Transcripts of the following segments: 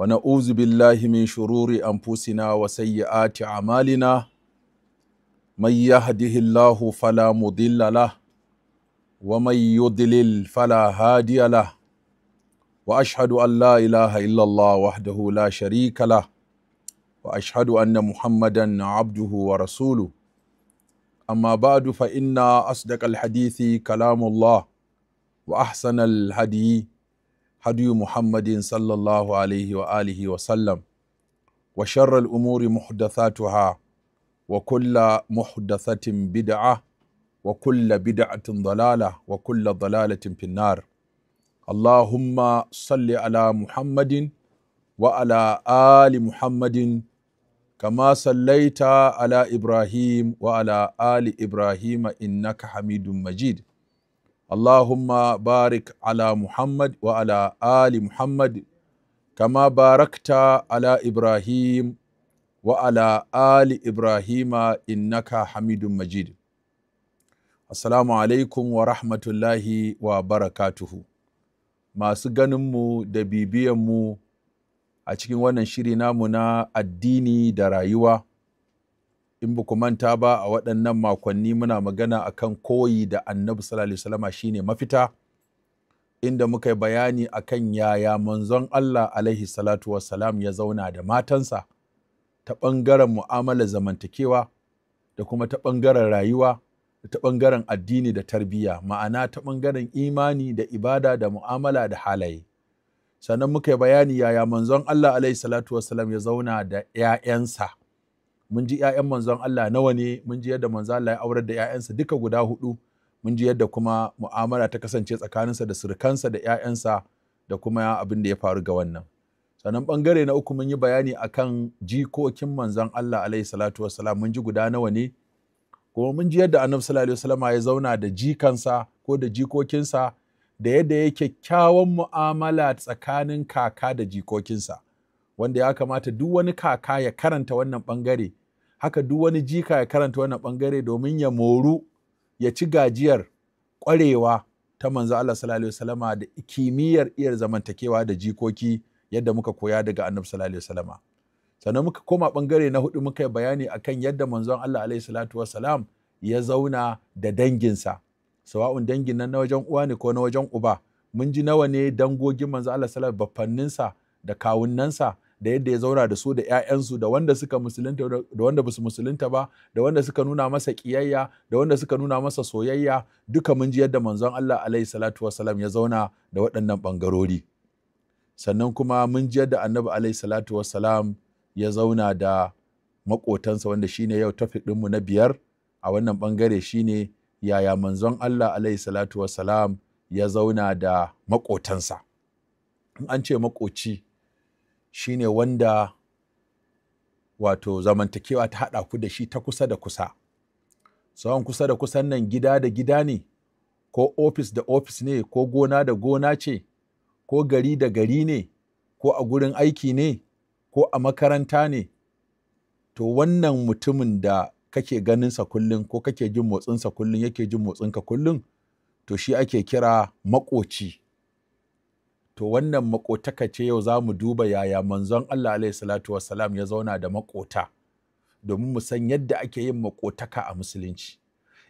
ونعوذ بالله من شرور أنفسنا وسيئات أعمالنا من يهده الله فلا مضل له ومن يضلل فلا هادي له وأشهد أن لا إله إلا الله وحده لا شريك له وأشهد أن محمدا عبده ورسوله أما بعد فإن أصدق الحديث كلام الله وأحسن الهدي هدي محمد صلى الله عليه وآله وسلم وشر الأمور محدثاتها وكل محدثة بدعة وكل بدعة ضلالة وكل ضلالة في النار اللهم صل على محمد وعلى آل محمد كما صليت على إبراهيم وعلى آل إبراهيم إنك حميد مجيد اللهم بارك على محمد وعلى آل محمد كما باركت ala إبراهيم وعلى آل إبراهيم إنك حميد مجيد Assalamu alaikum wa rahmatullahi wa barakatuhu. Masu ganinmu da bibiyanmu a cikin wannan shiri namu na addini da rayuwa in ba ku manta ba a waɗannan makonni muna magana a kan koyi da annabi sallallahu alaihi shi shine mafita inda muka yi bayani a kan yaya manzon Allah alaihi salatu wassalam ya zauna da matansa ta ɓangaren mu'amala zamantakewa da kuma ta ɓangaren rayuwa da ta ɓangaren addini da tarbiyya ma'ana ta ɓangaren imani da ibada da mu'amala da halaye sannan muka yi bayani yaya manzon Allah alaihi salatu wassalam ya zauna da 'ya'yansa mun ji 'ya'yan manzon Allah nawa ne mun ji yadda manzon Allah ya aurar da 'ya'yansa duka guda hudu mun ji yadda kuma mu'amala ta kasance tsakaninsa da surukansa da 'ya'yansa da kuma abin da ya faru ga wannan sannan bangare na uku mun yi bayani akan jikokin manzon Allah alaihi salatu wassalam mun ji guda nawa ne kuma mun ji yadda annabi sallallahu alaihi wasallam ya zauna da jikansa ko da jikokinsa da yadda ya kyakkyawan mu'amala tsakanin kaka da jikokinsa wanda ya kamata duk wani kaka ya karanta wannan bangare haka duk wani jika ya karanta wannan bangare domin ya moru ya ci gajiyar kwarewa ta manzo Allah sallallahu alaihi da kimiyyar iyar zamantakewa da jikoki yadda muka koya daga annabi sallallahu alaihi sannan muka koma bangare na hudu muka yi bayani akan yadda manzon Allah alaihi salatu ya zauna da danginsa sawa'un dangin nan na wajen uwa ne ko na wajen uba mun ji nawa ne dangogin manzo Allah sallallahu alaihi da kawunnansa da yadda ya zauna da su da 'ya'yansu da wanda suka musulunta da wanda basu musulunta ba da wanda suka nuna masa kiyayya da wanda suka nuna masa soyayya duka mun ji yadda manzon Allah alaihi salatu wasalam ya zauna da waɗannan bangarori sannan kuma mun ji yadda annabi alaihi salatu wasalam ya zauna da maƙotansa wanda shine yau tafiq ɗinmu na biyar a wannan bangare shine yaya manzon Allah alaihi salatu wasalam ya zauna da maƙotansa in an ce maƙoci Shi ne wanda wato zamantakewa ta haɗa ku da shi ta kusa da kusa tsawon kusa da kusan nan gida da gida ne ko ofis da ofis ne ko gona da gona ce ko gari da gari ne ko a gurin aiki ne ko a makaranta ne to wannan mutumin da kake ganinsa kullum ko kake jin motsinsa kullum yake jin motsinka kullum to shi ake kira maƙoci to wannan makotaka ce yau za mu duba yaya manzon Allah alaihi salatu wassalam ya zauna da makota domin mu san yadda ake yin makotaka a musulunci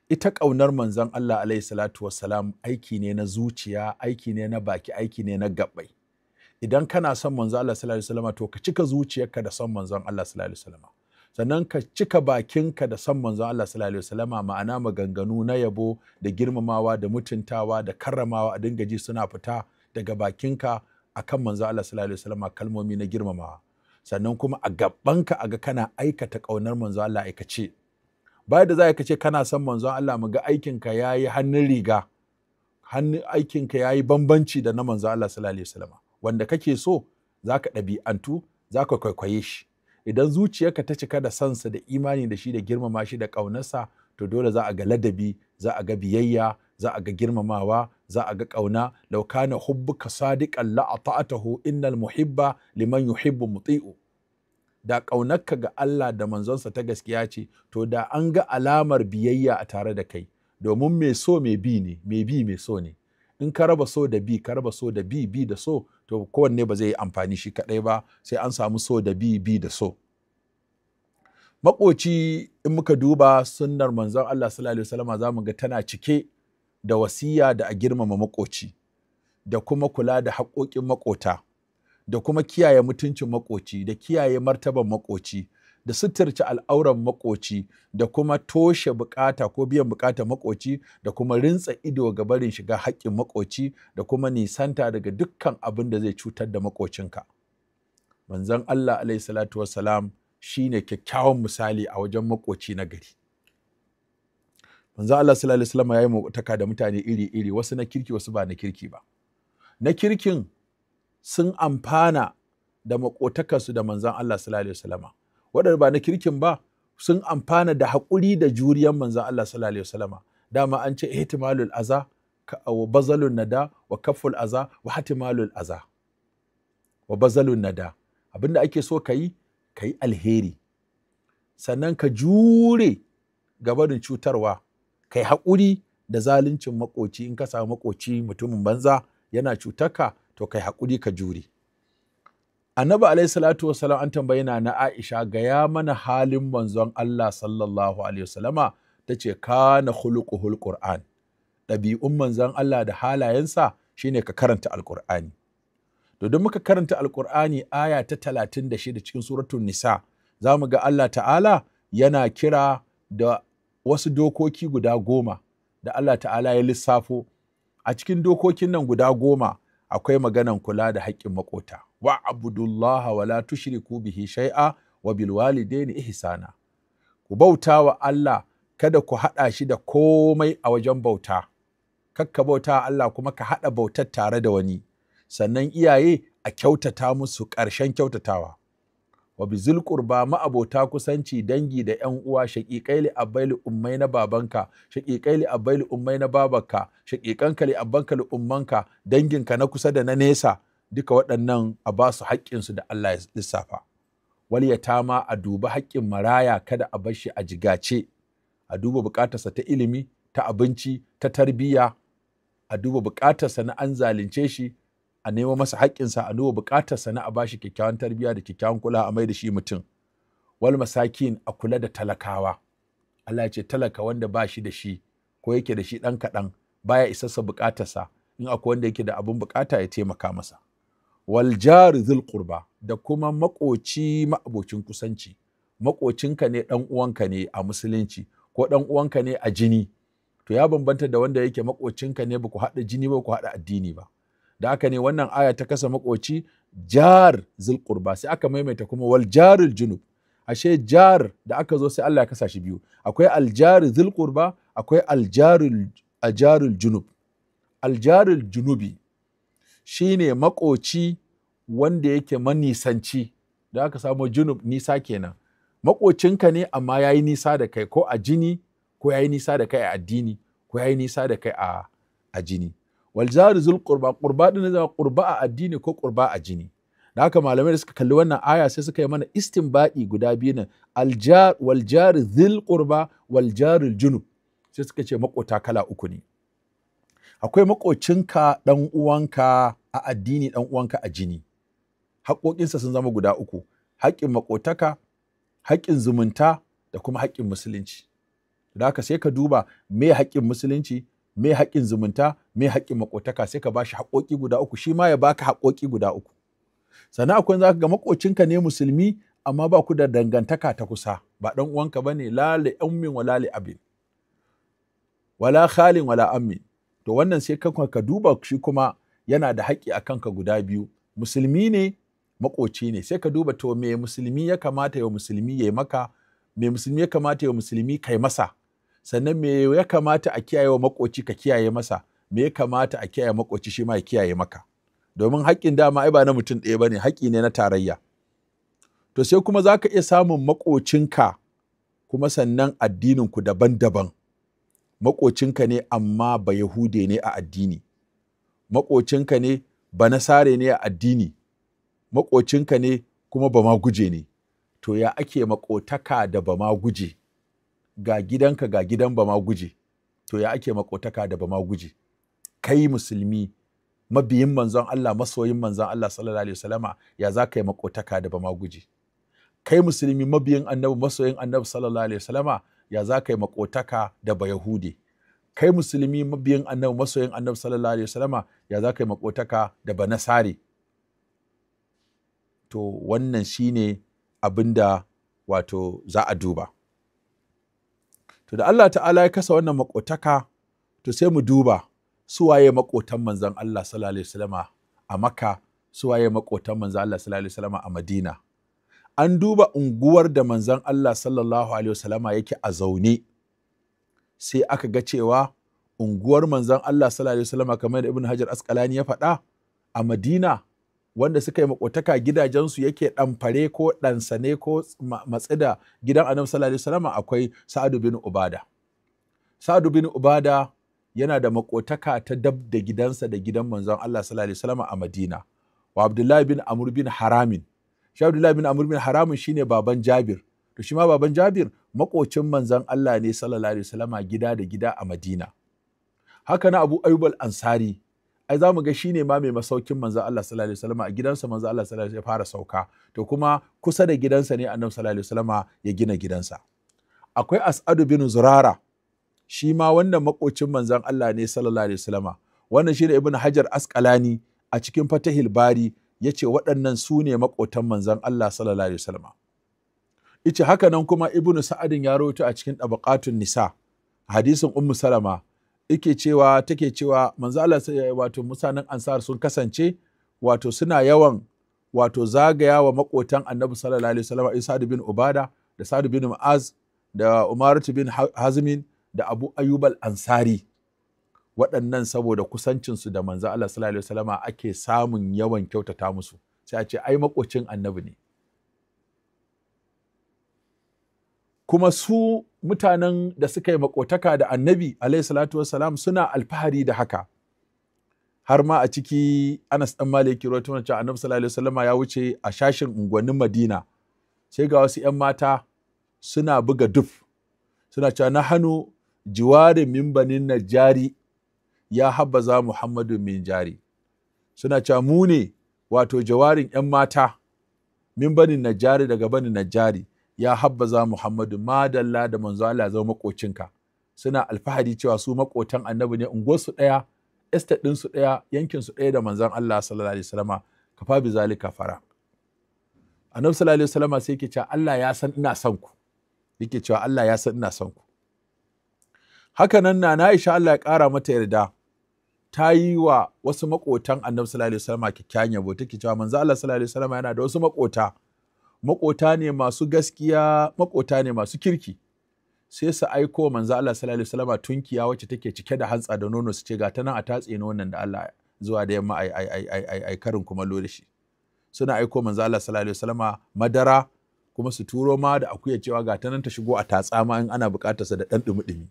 ita ƙaunar manzon Allah alaihi salatu wassalam aiki ne na zuciya aiki ne na baki aiki ne na gabbai idan kana son manzon Allah sallallahu alaihi wasallam to ka cika zuciyarka da son manzon Allah sallallahu alaihi wasallam sannan ka cika bakinka da son manzon Allah sallallahu alaihi wasallama ma'ana maganganu na yabo da girmamawa da mutuntawa da karramawa a dinga ji suna fita daga bakinka akan manzo Allah sallallahu alaihi wasallam kalmomi na girmamawa sannan kuma a gabanka aga kana aikata kaunar manzo Allah aikace bai da za kace kana san manzo Allah mu ga aikinka yayi hannun riga hannun aikinka yayi bambanci da na manzo Allah sallallahu alaihi wasallam wanda kake so zaka ɗabi'antu zaka kwaikwaye shi idan zuciyarka ta cika da sansa da imani da shi da girmama shi da ƙaunarsa to dole za a ga ladabi za a ga biyayya za a ga girmamawa za a ga ƙauna law kana hubbuka sadiqan la ata'atahu innal muhibba liman yuhibbu muti'u da ƙaunarka ga Allah da manzonsa ta gaskiya ce to da an ga alamar biyayya a tare da kai domin mai so mai bi ne mai bi mai so ne in ka raba so da bi ka raba so da bi bi da so to kowanne ba zai yi amfani shi kaɗai ba sai an samu so da bi bi da so makoci in muka duba sunnar manzon Allah sallallahu alaihi wasallam zamu ga tana cike da wasiya da a girmama makoci da kuma kula da haƙoƙin makota da kuma kiyaye mutuncin makoci da kiyaye martaban makoci da suturci al'auran makoci da kuma toshe bukata ko biyan bukata makoci da kuma rintsa ido ga barin shiga haƙƙin makoci da kuma nisanta daga dukkan abin da zai cutar da makocinka manzon Allah alaihi salatu wassalam shine kyakkyawan misali a wajen makoci na gari manzo Allah sallallahu alaihi wasallam yayi mutaka da mutane iri-iri wasu na kirki wasu ba na kirki ba na kirkin sun amfana da su da manzon Allah sallallahu alaihi wasallama waɗanda ba na kirkin ba sun amfana da haƙuri da juriyan manzon Allah sallallahu alaihi wasallama dama an ce ihtimalul aza wa bazalun nada wa kaful aza wa hatimalul aza wa bazalun nada abinda ake so kayi kayi alheri sannan ka jure gabanin cutarwa kai haƙuri da zaluncin makoci in ka samu makoci mutumin banza yana cutaka to kai haƙuri ka jure annabi alaihi salatu wasalam an tambayi na aisha gaya mana halin manzon allah sallallahu alaihi wasalama ta ce kana khuluquhul qur'an ɗabi'un manzon allah da halayensa shine ka karanta alqur'ani to don muka karanta alqur'ani aya ta 36 cikin suratun nisa za mu ga allah ta'ala yana kira da wasu dokoki guda goma da Allah ta'ala ya lissafo a cikin dokokin nan guda goma akwai maganan kula da haƙƙin maƙota wa abdullah wa tushriku bihi shay'a wa bil walidaini ihsana ku bauta wa Allah kada ku haɗa shi da komai a wajen bauta kakka bauta Allah kuma ka haɗa bautar tare da wani sannan iyaye a kyautata musu ƙarshen kyautatawa wa ba ma ma'abota kusanci dangi da yan uwa shaqiqai li abbaili ummai na babanka shaqiqai li abbaili ummai na babanka shaqiqanka li abbanka li ummanka danginka na kusa da na nesa duka waɗannan a ba su haƙƙinsu da Allah ya lissafa wal yatama a duba haƙƙin maraya kada a bar shi a jigace a duba buƙatarsa ta ilimi ta abinci ta tarbiyya a duba buƙatarsa na an zalunce shi a nemo masa haƙƙinsa a duba buƙatarsa na a bashi kyakkyawan tarbiyya da kyakkyawan kula a mai da shi mutum wal masakin a kula da talakawa Allah ya ce talaka wanda ba shi da shi ko yake da shi ɗan kaɗan baya isassa buƙatarsa in akwai wanda yake da abin buƙata ya taimaka masa wal jar zul qurba da kuma maƙoci ma'abocin kusanci maƙocinka ne ɗan uwanka ne a musulunci ko ɗan uwanka ne a jini to ya bambanta da wanda yake maƙocinka ne ba ku haɗa jini ba ku haɗa addini ba da aka ne wannan aya ta kasa makoci jar zil sai aka maimaita kuma wal jarul junub ashe jar da aka zo sai Allah ya kasa shi biyu akwai al jar akwai al jarul ajarul junub al jarul junubi shine makoci wanda yake manisanci da aka samu junub nisa kenan makocinka ne amma yayi nisa da kai ko a jini ko yayi nisa da kai a addini ko yayi nisa da kai a jini wal jari zul qurba qurba din zama qurba a addini ko qurba a jini da haka malamai da suka kalli wannan aya sai suka yi mana istinbadi guda biyu ne al jar wal zil qurba wal junub sai suka ce makota kala uku ne akwai makocinka dan uwanka a addini dan uwanka a jini haƙoƙinsa sun zama guda uku haƙƙin makotaka haƙƙin zumunta da kuma haƙƙin musulunci da haka sai ka duba me haƙƙin musulunci me haƙƙin zumunta me haƙƙin makotaka sai ka bashi haƙoƙi guda uku shi ma ya baka haƙoƙi guda uku sannan akwai za ka ga makocinka ne musulmi amma ba ku da dangantaka ta kusa ba ɗan uwanka ba ne lale ummin wala li abin wala khalin wala ammin to wannan sai kanka ka duba shi kuma yana da haƙƙi a ka guda biyu musulmi ne makoci ne sai ka duba to me musulmi ya kamata ya musulmi ya maka me musulmi ya kamata ya musulmi kai masa sannan me ya kamata a kiyaye wa makoci ka kiyaye masa me ya kamata a kiyaye makoci shi ma ya kiyaye maka domin haƙƙin dama ai ba na mutum ɗaya bane haƙƙi ne na tarayya to sai kuma zaka iya samun makocinka kuma sannan addinin ku daban-daban makocinka ne amma ba yahude ne a addini makocinka ne ba nasare ne a addini makocinka ne kuma ba ma guje ne to ya ake makotaka da ba ma guje ga gidanka ga gidan ba ma guje to ya ake makotaka da ba ma guje kai musulmi mabiyin manzon Allah masoyin manzon Allah sallallahu alaihi wasallama ya za ka yi makotaka da ba ma guje kai musulmi mabiyin annabi masoyin annabi sallallahu alaihi wasallama ya za ka yi makotaka da ba yahudi kai musulmi mabiyin annabi masoyin annabi sallallahu alaihi wasallama ya za ka yi makotaka da ba nasari to wannan shine abinda wato za a duba to da Allah ta'ala ya kasa wannan makotaka to sai mu duba su waye makotan manzan Allah sallallahu alaihi wasallama a Makka su waye makotan manzan Allah sallallahu alaihi wasallama a Madina an duba unguwar da manzan Allah sallallahu alaihi wasallama yake a zaune sai aka ga cewa unguwar manzan Allah sallallahu alaihi wasallama kamar da Ibn Hajar Asqalani ya faɗa a Madina wanda suka yi makotaka gidajensu yake ɗamfare ko ɗansane ko matsi da gidan annabi sallallahu alaihi akwai sa'adu bin ubada sa'adu bin ubada yana da makotaka ta dab da gidansa da gidan manzon Allah sallallahu alaihi wasallam a Madina wa Abdullahi bin Amr bin Haramin shi Abdullahi bin Amr bin Haramin shine baban Jabir to shi ma baban Jabir makocin manzon Allah ne sallallahu alaihi gida da gida a Madina haka na Abu Ayyub ansari ai za mu ga shine ma mai masaukin manzan Allah sallallahu alaihi wasallam a gidansa manzan Allah sallallahu alaihi wasallam ya fara sauka to kuma kusa da gidansa ne annabi sallallahu alaihi wasallam ya gina gidansa akwai as'adu bin zurara shi ma wannan makocin manzan Allah ne sallallahu alaihi wasallam wannan shi ne ibnu hajar asqalani a cikin fatahil bari ce waɗannan su ne makotan manzan Allah sallallahu alaihi wasallam ice haka nan kuma ibnu sa'adin ya rawaito a cikin tabaqatun nisa hadisin ummu salama yake cewa take cewa manzo Allah wato musanin ansar sun kasance wato suna yawan wato zagaya wa makotan annabi sallallahu alaihi wasallam isa bin ubada da sa'd bin mu'az da umaratu bin hazmin da abu ayyub ansari waɗannan saboda kusancinsu da manzo Allah sallallahu alaihi wasallam ake samun yawan kyautata musu sai a ce ai makocin annabi ne kuma su mutanen da suka yi makotaka da annabi salatu wasalam suna alfahari da haka har ma a ciki anas dan maliki rawaito cewa annabi sallallahu alaihi salama ya wuce a shashin unguwannin madina sai ga wasu yan mata suna buga duf suna cewa na hannu jiwarin min banin jari ya habbaza muhammadu min jari suna cewa mu ne wato jawarin yan mata mimbanin banin jari daga banin jari. ya habbaza Muhammadu ma da manzo Allah zama makocinka suna alfahari cewa su makotan annabi ne unguwarsu ɗaya estate ɗinsu ɗaya yankinsu ɗaya da manzon Allah sallallahu alaihi wasallama ka fa bi zalika fara annabi sallallahu alaihi wasallama sai yake cewa Allah ya san ina son ku yake cewa Allah ya san ina son ku haka nan na Aisha Allah ya ƙara mata yarda ta yi wa wasu makotan annabi sallallahu alaihi wasallama kyakkyawan yabo take cewa manzo Allah sallallahu alaihi wasallama yana da wasu makota maƙota ne masu gaskiya maƙota ne masu kirki sai su aiko manzo Allah sallallahu alaihi wasallam tunkiya wacce take cike da hantsa da nono su ce ga ta nan a tatse wannan da Allah zuwa da yamma ai ai ai ai ai karin kuma da shi suna aiko manzo Allah sallallahu alaihi wasallam madara kuma su turo ma da akuya cewa ga ta nan ta shigo a tatsa ma in ana bukatar sa da dan dumi-dumi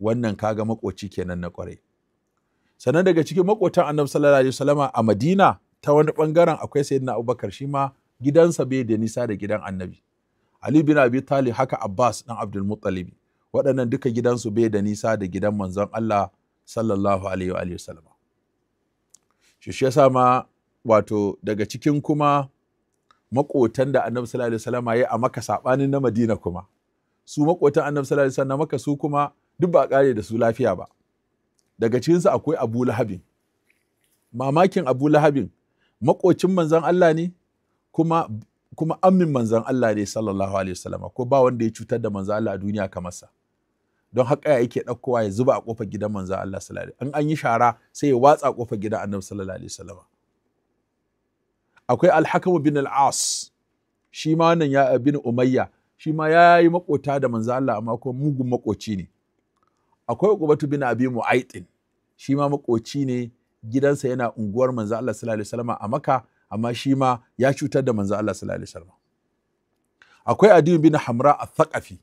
wannan kaga makoci kenan na kwarai sannan daga cikin makotan Annabi sallallahu alaihi wasallam a Madina ta wani bangaren akwai sayyidina Abubakar shi ma gidansa bai da nisa da gidan annabi ali bin abi talib haka abbas dan abdul muttalib waɗannan duka gidansu bai da nisa da gidan manzon allah sallallahu alaihi wa sallam shi shi yasa ma wato daga cikin kuma maƙotan da annabi sallallahu alaihi wasallam ya a maka sabanin na madina kuma su maƙotan annabi sallallahu alaihi wasallam na maka su kuma duk ba kare da su lafiya ba daga cikin su akwai abu lahabin mamakin abu lahabin maƙocin manzon allah ne kuma kuma amin manzan Allah ne sallallahu alaihi wasallam ko ba wanda ya cutar da manzan Allah a duniya kamar sa don haka ya yake ɗaukowa ya zuba a kofar gidan manzan Allah sallallahu alaihi an an yi shara sai ya watsa kofar gidan annabi sallallahu alaihi wasallam akwai al-hakam bin al-as shi ma wannan ya bin umayya shi ma ya yi makota da manzan Allah amma ko mugun makoci ne akwai uqbatu bin abi mu'aitin shi ma makoci ne gidansa yana unguwar manzan Allah sallallahu alaihi wasallam a Makka amma shi ma ya cutar da manzo Allah sallallahu alaihi wasallam akwai adiyu bin hamra a thaqafi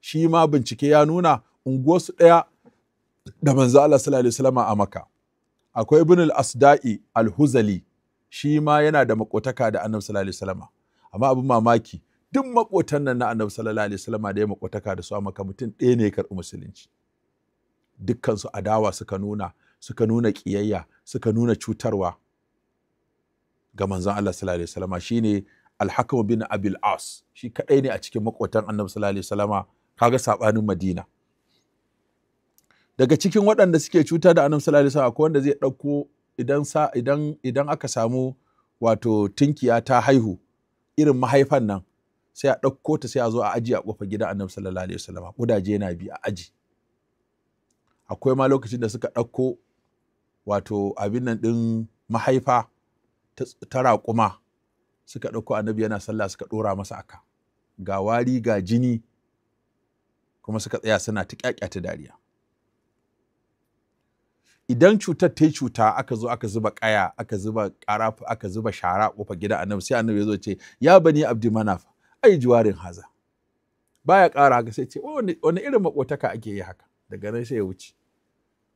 shi ma bincike ya nuna unguwarsu ɗaya da manzo Allah sallallahu alaihi wasallam a Makka akwai ibn al-asda'i al-huzali shi ma yana da makotaka da annabi sallallahu alaihi wasallam amma abin mamaki duk makotan nan na annabi sallallahu alaihi wasallam da ya makotaka da su a maka mutum ɗaya ne ya karɓi musulunci dukkan su adawa suka nuna suka nuna ƙiyayya. suka nuna cutarwa ga manzon Allah sallallahu alaihi wasallama shine al-Hakam bin Abil As shi kadai ne a cikin makwatan Annabi sallallahu alaihi wasallama kaga sabanin Madina daga cikin waɗanda suke cuta da Annabi sallallahu alaihi wasallama akwai wanda zai ɗauko idan sa idan idan aka samu wato tinkiya ta haihu irin mahaifan nan sai a ɗauko ta sai a zo a aji a kofa gidan Annabi sallallahu alaihi wasallama kudaje na bi a aji akwai ma lokacin da suka ɗauko wato abin nan ɗin mahaifa ta raƙuma suka ɗauko annabi yana sallah suka ɗora masa aka ga wari ga jini kuma suka tsaya suna ta ƙyaƙyata dariya idan cutar ta yi cuta aka zo aka zuba ƙaya aka zuba ƙarafu aka zuba shara kofa gida annabi sai annabi ya zo ce ya bani abdi manaf ai juwarin haza baya ƙara haka sai ce wani irin maƙotaka ake yi haka daga nan sai ya wuce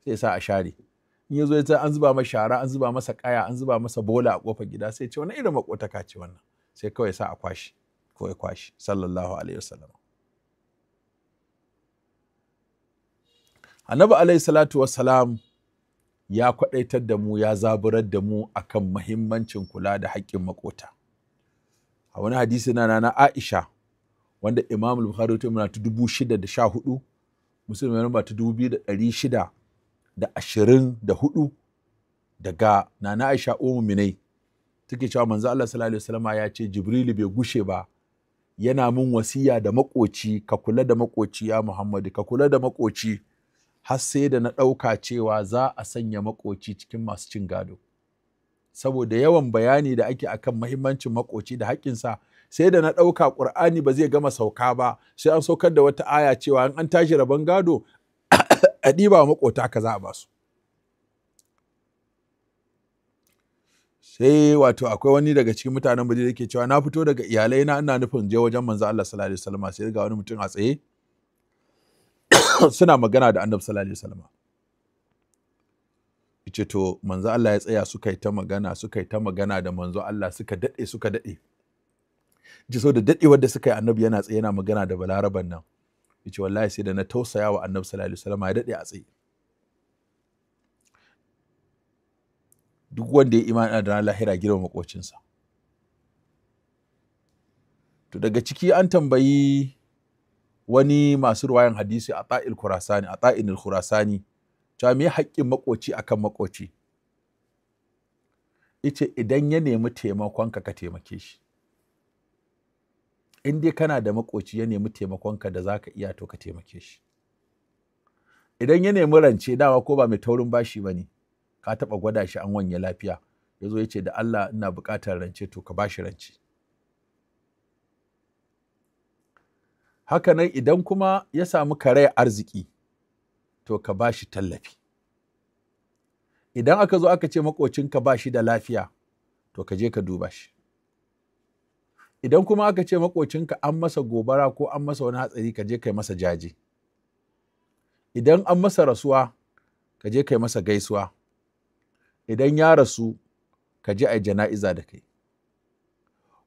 sai ya sa a share in ya zo ya an zuba masa shara an zuba masa kaya an zuba masa bola a kofar gida sai ce wani irin makotaka ce wannan sai kawai sa a kwashi ko ya kwashi sallallahu alaihi wasallam annabi alaihi salatu wassalam ya kwadaitar da mu ya zaburar da mu akan mahimmancin kula da haƙƙin makota a wani hadisi na na Aisha wanda Imam Bukhari ta dubu shida da sha hudu Musulmi ta dubu biyu da ɗari shida da ashirin da hudu daga nana aisha umu minai take cewa manzo Allah sallallahu alaihi wasallam ya ce jibrilu bai gushe ba yana mun wasiya da makoci ka kula da makoci ya muhammadu ka kula da makoci har sai da na ɗauka cewa za a sanya makoci cikin masu cin gado saboda yawan bayani da ake akan mahimmancin makoci da sa sai da na ɗauka ƙur'ani ba zai gama sauka ba sai an saukar da wata aya cewa an tashi rabon gado a ɗiba wa maƙota za a basu sai wato akwai wani daga cikin mutanen da ke cewa na fito daga iyalai na ina nufin je wajen manzo Allah sallallahu alaihi wasallam sai ga wani mutum a tsaye suna magana da annabi sallallahu alaihi wasallam yace to manzo Allah ya tsaya suka yi ta magana suka yi ta magana da manzo Allah suka dade suka dade ji so da dadewar da suka yi annabi yana tsaye yana magana da balaraban nan yace wallahi sai da na tausaya wa annabi sallallahu alaihi wasallam ya dade a tsaye duk wanda ya imani da lahira girma makocinsa to daga ciki an tambayi wani masu ruwayan hadisi a ta'il khurasani a ta'inil khurasani cewa me haƙƙin makoci akan makoci ice idan ya nemi ka ka taimake shi in dai kana da makoci ya nemi taimakonka da za ka iya to ka taimake shi idan ya nemi rance dawa ko ba mai taurin bashi ba ne ka taɓa gwada shi an wanye lafiya ya zo ya ce da Allah ina buƙatar rance to ka bashi rance haka nan idan kuma ya samu karayar arziki to ka bashi tallafi idan aka zo aka ce makocinka ba shi da lafiya to ka je ka duba shi idan kuma aka ce makocinka an masa gobara ko an masa wani hatsari ka je kai masa jaje idan an masa rasuwa ka je kai masa gaisuwa idan ya rasu ka je a jana'iza da kai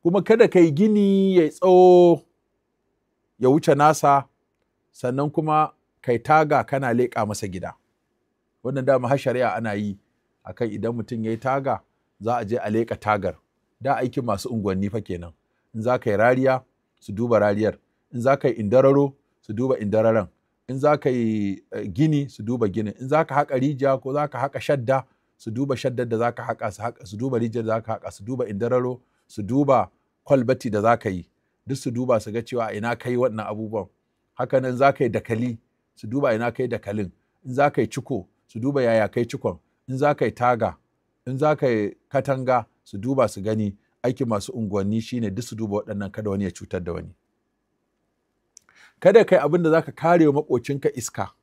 kuma kada kai gini ya tsawo ya wuce nasa sannan kuma kai taga kana leƙa masa gida wannan dama har shari'a ana yi akan idan mutum ya yi taga za a je a leƙa tagar da aikin masu unguwanni fa kenan in za ka yi rariya su duba rariyar in za ka yi indararo su duba indararan in za ka yi gini su duba ginin in za ka haƙa rijiya ko za ka haƙa shadda su duba shaddar da za ka haƙa su duba rijiyar da za ka haka su duba indararo su duba kwalbati da za ka yi duk su duba su ga cewa ina ka yi waɗannan abubuwan haka nan za ka yi dakali su duba ina ka yi dakalin in za ka yi ciko su duba yaya kai cikon in za ka yi taga in za ka yi katanga su duba su gani aikin masu unguwanni shine duk su duba waɗannan kada wani ya cutar da wani kada kai abin da zaka kare wa makocinka iska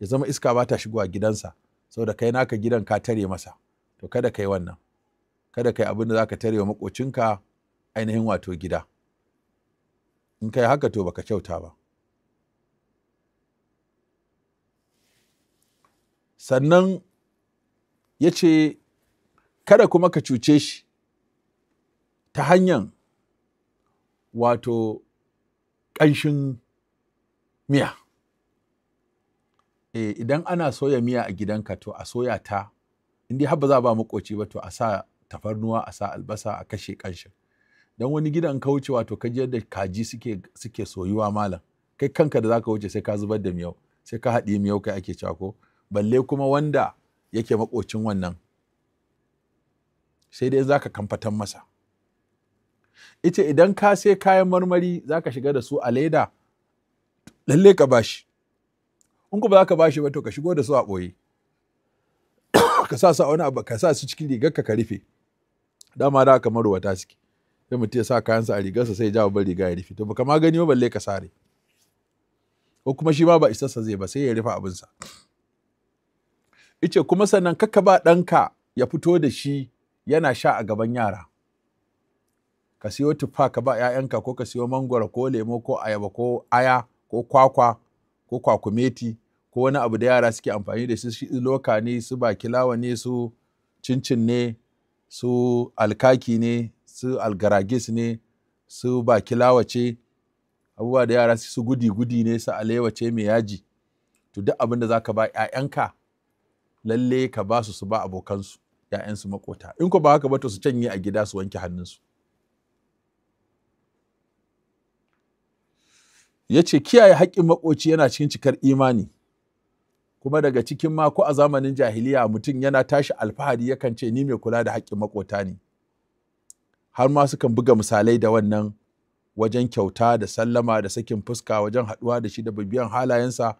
ya zama iska ba ta shigowa gidansa saboda kai naka gidan ka tare masa to kada kai wannan kada kai abin da zaka tare wa makocinka ainihin wato gida in kai haka to baka kyauta ba sannan ya ce kada kuma ka cuce shi ta hanyar wato ƙanshin miya e, idan ana soya miya a gidanka to a soya ta indai haɓa ba za ba makoci ba to a sa tafarnuwa a sa albasa a kashe ƙanshin don wani gidan ka wuce wato ka ji yadda kaji suke soyuwa malam kai kanka da za ka wuce sai ka zubar da miyau sai ka haɗiye miyau kai ake cako. balle kuma wanda yake makocin wannan sai dai za ka kamfatan masa ita idan ka sai kayan marmari za ka shiga da su a leda lalle ka shi, in ku ba za ka ba shi ba to ka shigo da su a ɓoye ka sa su a wani abu ka sa su cikin rigar ka ka rufe dama da kamar wata suke sai mutum ya sa kayansa a rigarsa sai ya jawo bar riga ya rufe to baka ma gani ba balle ka sare ko kuma shi ma ba isarsa zai ba sai ya rufe abinsa ice kuma sannan kakka ba ɗanka ya fito da shi yana sha a gaban yara ka siyo tuffa ka ba 'ya'yanka ko ka siyo mangoro ko lemo ko ayaba ko aya ko kwakwa ko kwakumeti ko wani abu da yara suke amfani da su loka ne su bakilawa ne su cincin ne su alkaki ne su algaragis ne su bakilawa ce abubuwa da yara su gudi-gudi ne su alewa ce mai yaji to duk abin da za ka ba 'ya'yanka lalle ka ba su su ba abokansu 'ya'yansu makota in ko ba haka ba to su canye a gida su wanke hannunsu ya ce kiyaye haƙƙin maƙoci yana cikin cikar imani kuma daga cikin mako a zamanin jahiliya mutum yana tashi alfahari yakan ce ni mai kula da haƙƙin maƙota ne har ma sukan buga misalai da wannan wajen kyauta da sallama da sakin fuska wajen haɗuwa da shi da bibiyan halayensa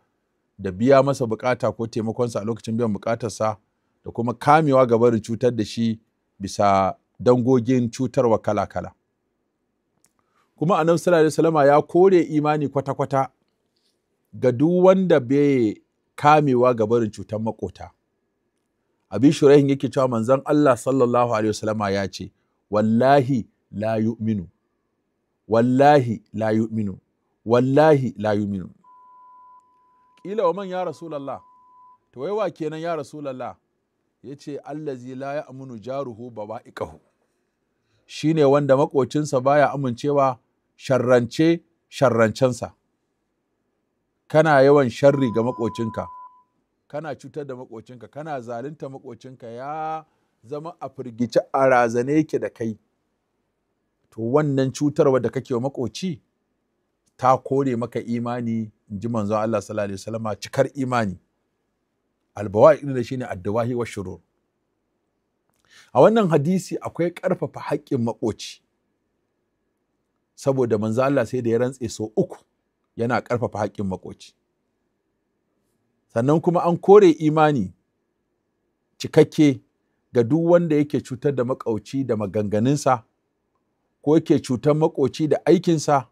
da biya masa bukata ko taimakonsa a lokacin biyan bukatarsa da kuma kamewa gaba da cutar da shi bisa dangogin cutarwa kala-kala kuma a nan alaihi ya kore imani kwata-kwata ga duk wanda bai kamewa ga barin cutar makota abin shurahin yake cewa manzon Allah sallallahu alaihi wasallama ya ce wallahi la yu'minu wallahi la yu'minu wallahi la yu'minu kila wa man ya rasulullah to wai wa kenan ya rasu rasulullah yace allazi la ya'munu jaruhu Shi shine wanda makocinsa baya amincewa sharrance sharrancensa kana yawan sharri ga makocinka kana cutar da makocinka kana zalunta makocinka ya zama a firgici a razane yake da kai to wannan cutarwa da kake wa makoci ta kore maka imani in ji manzo Allah sallallahu alaihi cikar imani albawa'i din da shine addawahi wa shurur a wannan hadisi akwai ƙarfafa haƙƙin makoci saboda manzo Allah sai da ya rantse so uku yana ƙarfafa haƙƙin makoci sannan kuma an kore imani cikakke ga duk wanda yake cutar da makauci da maganganunsa ko yake cutar makoci da aikinsa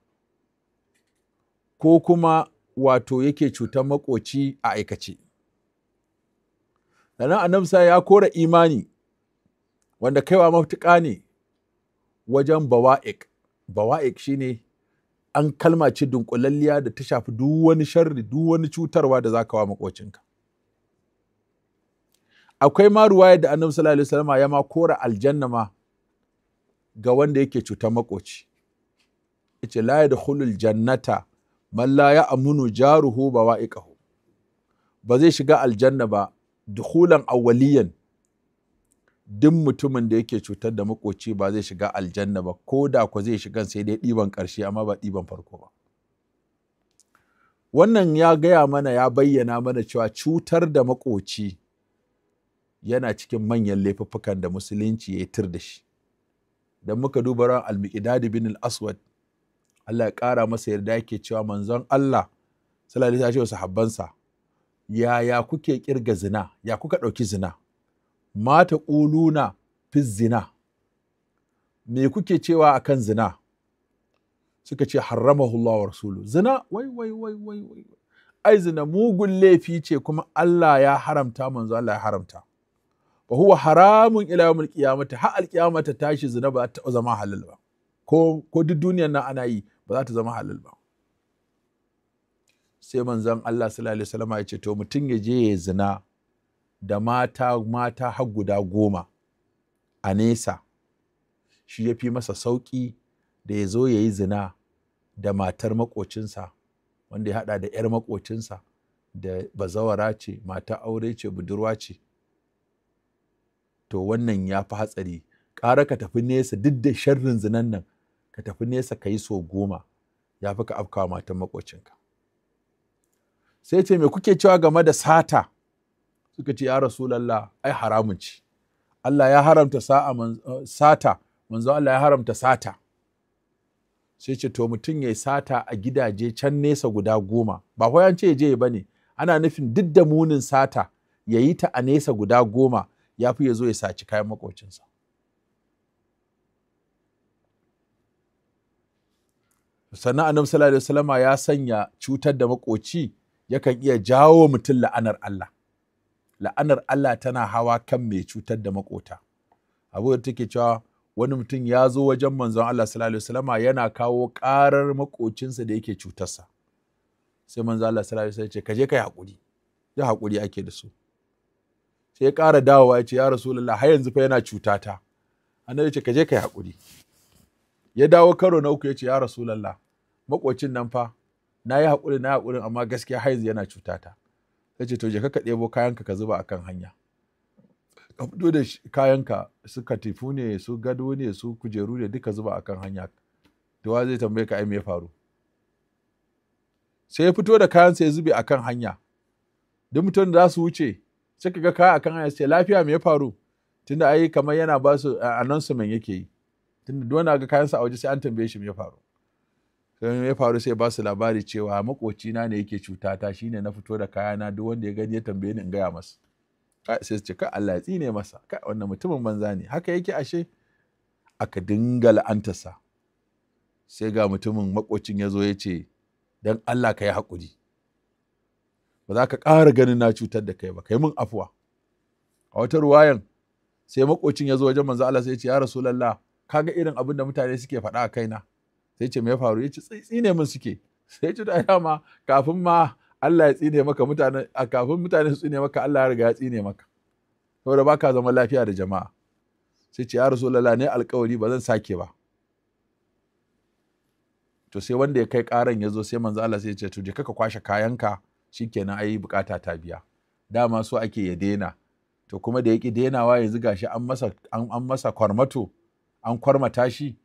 ko kuma wato yake cutar makoci a aikace sannan annabsa ya kore imani wanda kaiwa matuƙa ne wajen bawa'iq bawa'ik shine an kalma ce dunkulalliya da ta shafi duk wani sharri duk wani cutarwa da zaka wa makocinka akwai ma ruwaya da annabi sallallahu alaihi wasallam ya ma kora aljanna ma ga wanda yake cutar makoci yace la yadkhulul jannata man la ya'munu jaruhu bawa'iqahu ba zai shiga aljanna ba duhulan awwaliyan duk mutumin da yake cutar da makoci ba zai shiga aljanna ba ko da ku zai shiga sai dai ɗiban ƙarshe amma ba ɗiban farko ba wannan ya gaya mana ya bayyana mana cewa cutar da makoci yana cikin manyan laifuffukan da musulunci ya yi tur da shi don muka duba ran al-miqdad bin al-aswad Allah ya ƙara masa yarda yake cewa manzon Allah sallallahu alaihi wasallam sahabbansa yaya kuke kirga zina ya kuka ɗauki zina mata ƙuluna fi zina me kuke cewa akan zina suka ce haramahullah wa rasulu zina wai wai wai wai wai ai zina mugun laifi ce kuma Allah ya haramta manzo Allah ya haramta wa huwa haramun ila yawmil qiyamati har alqiyamata tashi zina ba ta zama halal ba ko ko duk duniyar nan ana yi ba za ta zama halal ba sai manzon Allah sallallahu alaihi wasallam ya ce to mutum ya je ya zina da mata mata har guda goma a nesa shi ya fi masa sauƙi da ya zo ya yi zina da matar maƙocinsa wanda ya haɗa da 'yar maƙocinsa da bazawara ce mata aure ce budurwa ce to wannan ya fi hatsari ƙara ka tafi nesa duk da sharrin zinan nan ka tafi nesa ka yi so goma ya fi ka afkawa matan maƙocinka sai ce me kuke cewa game da sata suka ce ya rasulallah ai haramun ce Allah ya haramta sa'a eh, sata manzo Allah ya haramta sata sai ce to mutum ya sata a gidaje can nesa guda goma ba hoyan ce je ba ne ana nufin duk da munin sata ya yi ta a nesa guda goma ya fi ya zo ya saci kayan makocinsa sannan annabi sallallahu alaihi wasallama ya sanya cutar da makoci yakan iya jawo mutum la'anar Allah la'anar Allah tana hawa kan mai cutar da makota abu da take cewa wani mutum ya zo wajen manzon Allah sallallahu alaihi wasallama yana kawo karar makocinsa da yake cutarsa sai manzon Allah sallallahu alaihi wasallam ya ce kaje kai hakuri ya hakuri ake da su sai ya ƙara dawowa ya ce ya rasulullah har yanzu fa yana cutata annabi ya ce kaje kai hakuri ya dawo karo na uku ya ce ya Rasulullah maƙocin nan fa na yi haƙuri na yi hakuri amma gaskiya yanzu yana cutata sai ce to je ka ɗebo kayanka ka zuba akan hanya ka fito da kayanka su katifu ne su gado ne su kujeru ne duka zuba akan hanya to zai tambaye ka ai me ya faru sai ya fito da kayansa ya zube akan hanya duk mutum da za su wuce sai ka ga kaya akan hanya sai lafiya me ya faru tunda ai kamar yana ba su announcement yake yi tunda duk wanda ga kayansa a waje sai an tambaye shi me ya faru sai ya faru sai ba su labari cewa makocina ne yake cuta ta shine na fito da kayana duk wanda ya gani ya tambaye ni in gaya masa sai su ce ka Allah ya tsine masa ka wannan mutumin banza ne haka yake ashe aka dinga la'antarsa sai ga mutumin makocin ya zo ya ce 'Dan Allah ka yi haƙuri ba za ka ƙara ganin na cutar da kai ba kai mun afuwa a wata ruwayan sai makocin ya zo wajen manzo Allah sai ya ce ya rasulullah kaga irin abin da mutane suke faɗa a kaina sai ce me ya faru yace tsine min suke sai ce da dama kafin ma Allah ya tsine maka mutane a kafin mutane su tsine maka Allah ya riga ya tsine maka saboda baka zama lafiya da jama'a sai ce ya rasulullah ne alkawari ba zan sake ba to sai wanda ya kai karan ya zo sai manzo Allah sai ya ce to je kaka kwashe kayanka shikenan ai bukata ta biya dama so ake ya daina to kuma da yaki dainawa yanzu gashi an masa an masa kwarmato an kwarmata shi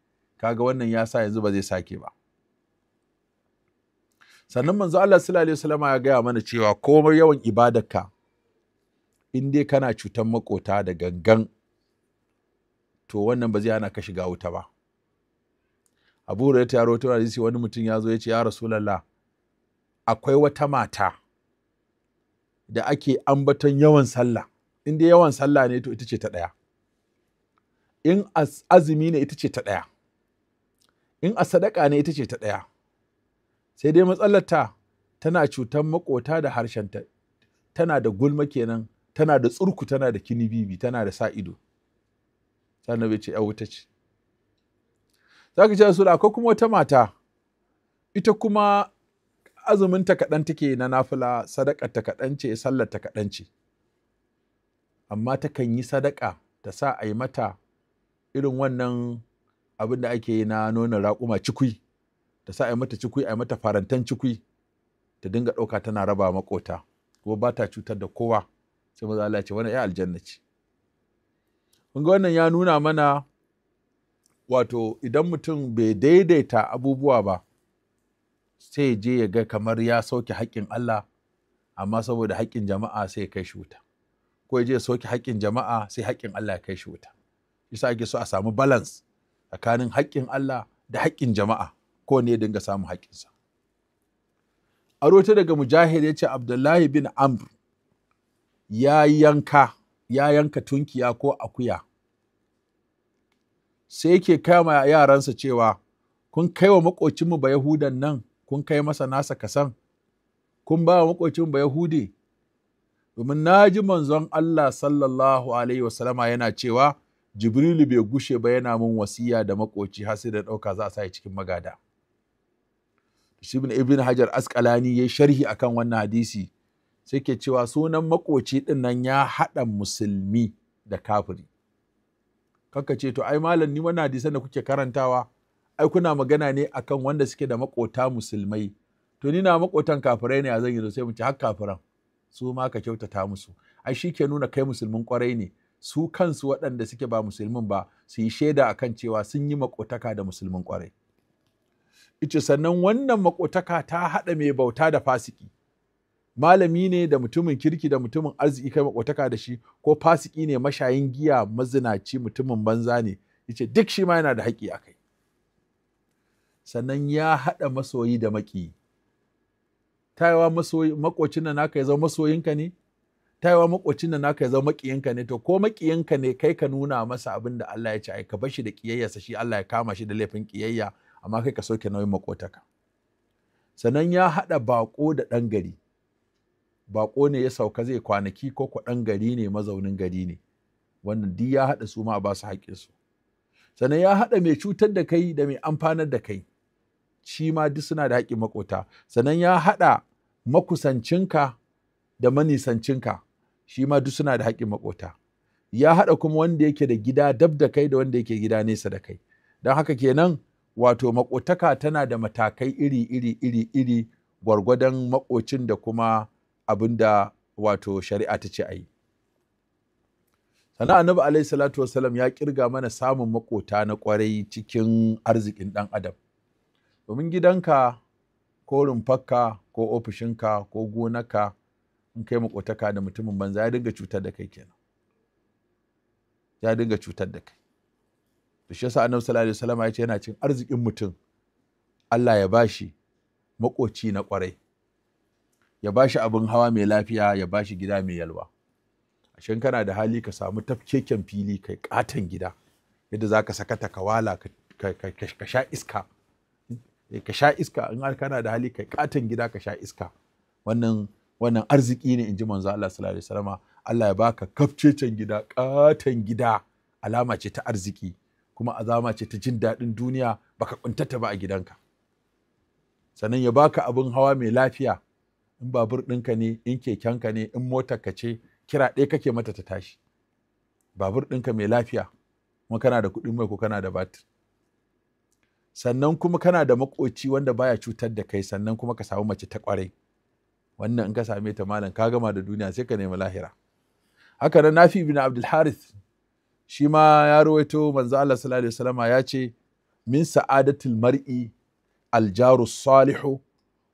kaga wannan ya sa yanzu ba zai sake ba sannan manzo Allah sallallahu alaihi wasallam ya gaya mana cewa komai yawan ibadarka in dai kana cutar makota da gangan to wannan ba zai hana ka shiga wuta ba Abu Hurairah ta rawaito hadisi wani mutum ya zo ya ce ya Rasulullah akwai wata mata da ake ambaton yawan sallah in dai yawan sallah ne to ita ce ta ɗaya in azumi ne ita ce ta ɗaya in a sadaka ne ita ce ta ɗaya sai dai matsalarta tana cutar makota da harshenta tana da gulma kenan tana da tsurku tana da kinibibi tana da sa ido sannan bai ce wuta ce za ka ce su akwai kuma wata mata ita kuma azumin ta kaɗan take na nafila sadakar ta kaɗan ce sallar ta kaɗan ce amma takan yi sadaka ta sa a yi mata irin wannan abin da ake yi na nuna raƙuma cikui ta sa a mata cikui a mata farantan cikui ta dinga ɗauka tana raba makota kuma ba ta cutar da kowa sai maza Allah ce wani ya aljanna ce kun ga wannan ya nuna mana wato idan mutum bai daidaita abubuwa ba sai ya je ya ga kamar ya sauke haƙƙin Allah amma saboda haƙƙin jama'a sai ya kai shi wuta ko ya je ya sauke haƙƙin jama'a sai haƙƙin Allah ya kai shi wuta Isa ake so a samu balance tsakanin haƙƙin Allah da haƙƙin jama'a ko ne dinga samun haƙƙinsa a rota daga mujahid ya ce abdullahi bin amr ya yanka ya yanka tunkiya ko akuya sai yake kama yaransa cewa kun kai wa makocinmu ba yahudan nan kun kai masa nasa kasan kun ba wa makocinmu ba yahudi domin na ji manzon Allah sallallahu alaihi wasallama yana cewa jibrilu bai gushe ba yana mun wasiya da makoci har sai da ɗauka za a sa cikin magada shi ibn ibn hajar asqalani ya sharhi akan wannan hadisi sai ke cewa sunan makoci din nan ya haɗa musulmi da kafiri Kanka ce to ai malam ni wannan hadisan da kuke karantawa ai kuna magana ne akan wanda suke da makota musulmai to ni na makotan kafirai ne a zan yi sai mu ce har kafiran su ma ka kyautata musu ai shi ke nuna kai musulmin kwarai ne su kansu waɗanda suke ba musulmin ba su yi shaida a kan cewa sun yi makotaka da musulmin kwarai ice sannan wannan makotaka ta haɗa mai bauta da fasiki malami ne da mutumin kirki da mutumin arziki kai makotaka da shi ko fasiki ne mashayin giya mazinaci mutumin banza ne Ice duk shi ma yana da haƙƙi a kai sannan ya haɗa masoyi da maƙi tayawa masoyi makocin nan naka ya zama masoyinka ne Ta wa makwacin da naka ya zama makiyanka ne to ko makiyanka ne kai ka nuna masa abin da Allah ya ce ai ka bar shi da kiyayyarsa shi Allah ya kama shi da laifin kiyayya amma kai ka soke nauyin makotaka sannan ya haɗa baƙo da ɗan gari baƙo ne ya sauka zai kwanaki ko ko ɗan gari ne mazaunin gari ne wannan duk ya haɗa su ma ba su su. sannan ya haɗa mai cutar da kai da mai amfanar da kai shi ma duk suna da haƙƙin makota Sanan ya haɗa makusancinka da manisancinka shi ma duk suna da haƙƙin makota ya haɗa kuma wanda yake da gida dab da kai da wanda yake gida nesa da kai don haka kenan wato makotaka tana da matakai iri iri iri iri gwargwadon makocin da kuma abin da wato shari'a ta ce a yi sannan annabi alaihi salatu wasalam ya kirga mana samun makota na kwarai cikin arzikin ɗan adam domin gidanka ko rumfarka ko ofishinka ko gonaka in kai makotaka da mutumin banza ya dinga cutar da kai kenan ya dinga cutar da kai da shi yasa annabi sallallahu alaihi wasallam ya ce yana cin arzikin mutum Allah ya bashi makoci na kwarai ya bashi abin hawa mai lafiya ya bashi gida mai yalwa ashen kana da hali ka samu tafkeken fili kai katon gida yadda za ka sakata ka wala ka sha iska eh, ka sha iska in kana da hali kai katan gida ka sha iska wannan wannan arziki ne in ji manzo Allah sallallahu alaihi wasallama Allah ya baka kafcecen gida katan gida alama ce ta arziki kuma azama ce ta jin daɗin duniya baka kuntata ba a gidanka sannan ya baka abin hawa mai lafiya in babur ɗinka ne in kekenka ne in ka ce kira ɗaya kake mata ta tashi babur ɗinka mai lafiya kuma kana da kuɗin mai ko kana da batir sannan kuma kana da makoci wanda baya cutar da kai sannan kuma ka samu mace ta kwarai wannan in ka same ta malam ka gama da duniya sai ka nemi lahira haka nan nafi ibn abdul harith shi ma ya rawaito manzo Allah sallallahu alaihi wasallama ya ce min sa'adatul mar'i aljaru salihu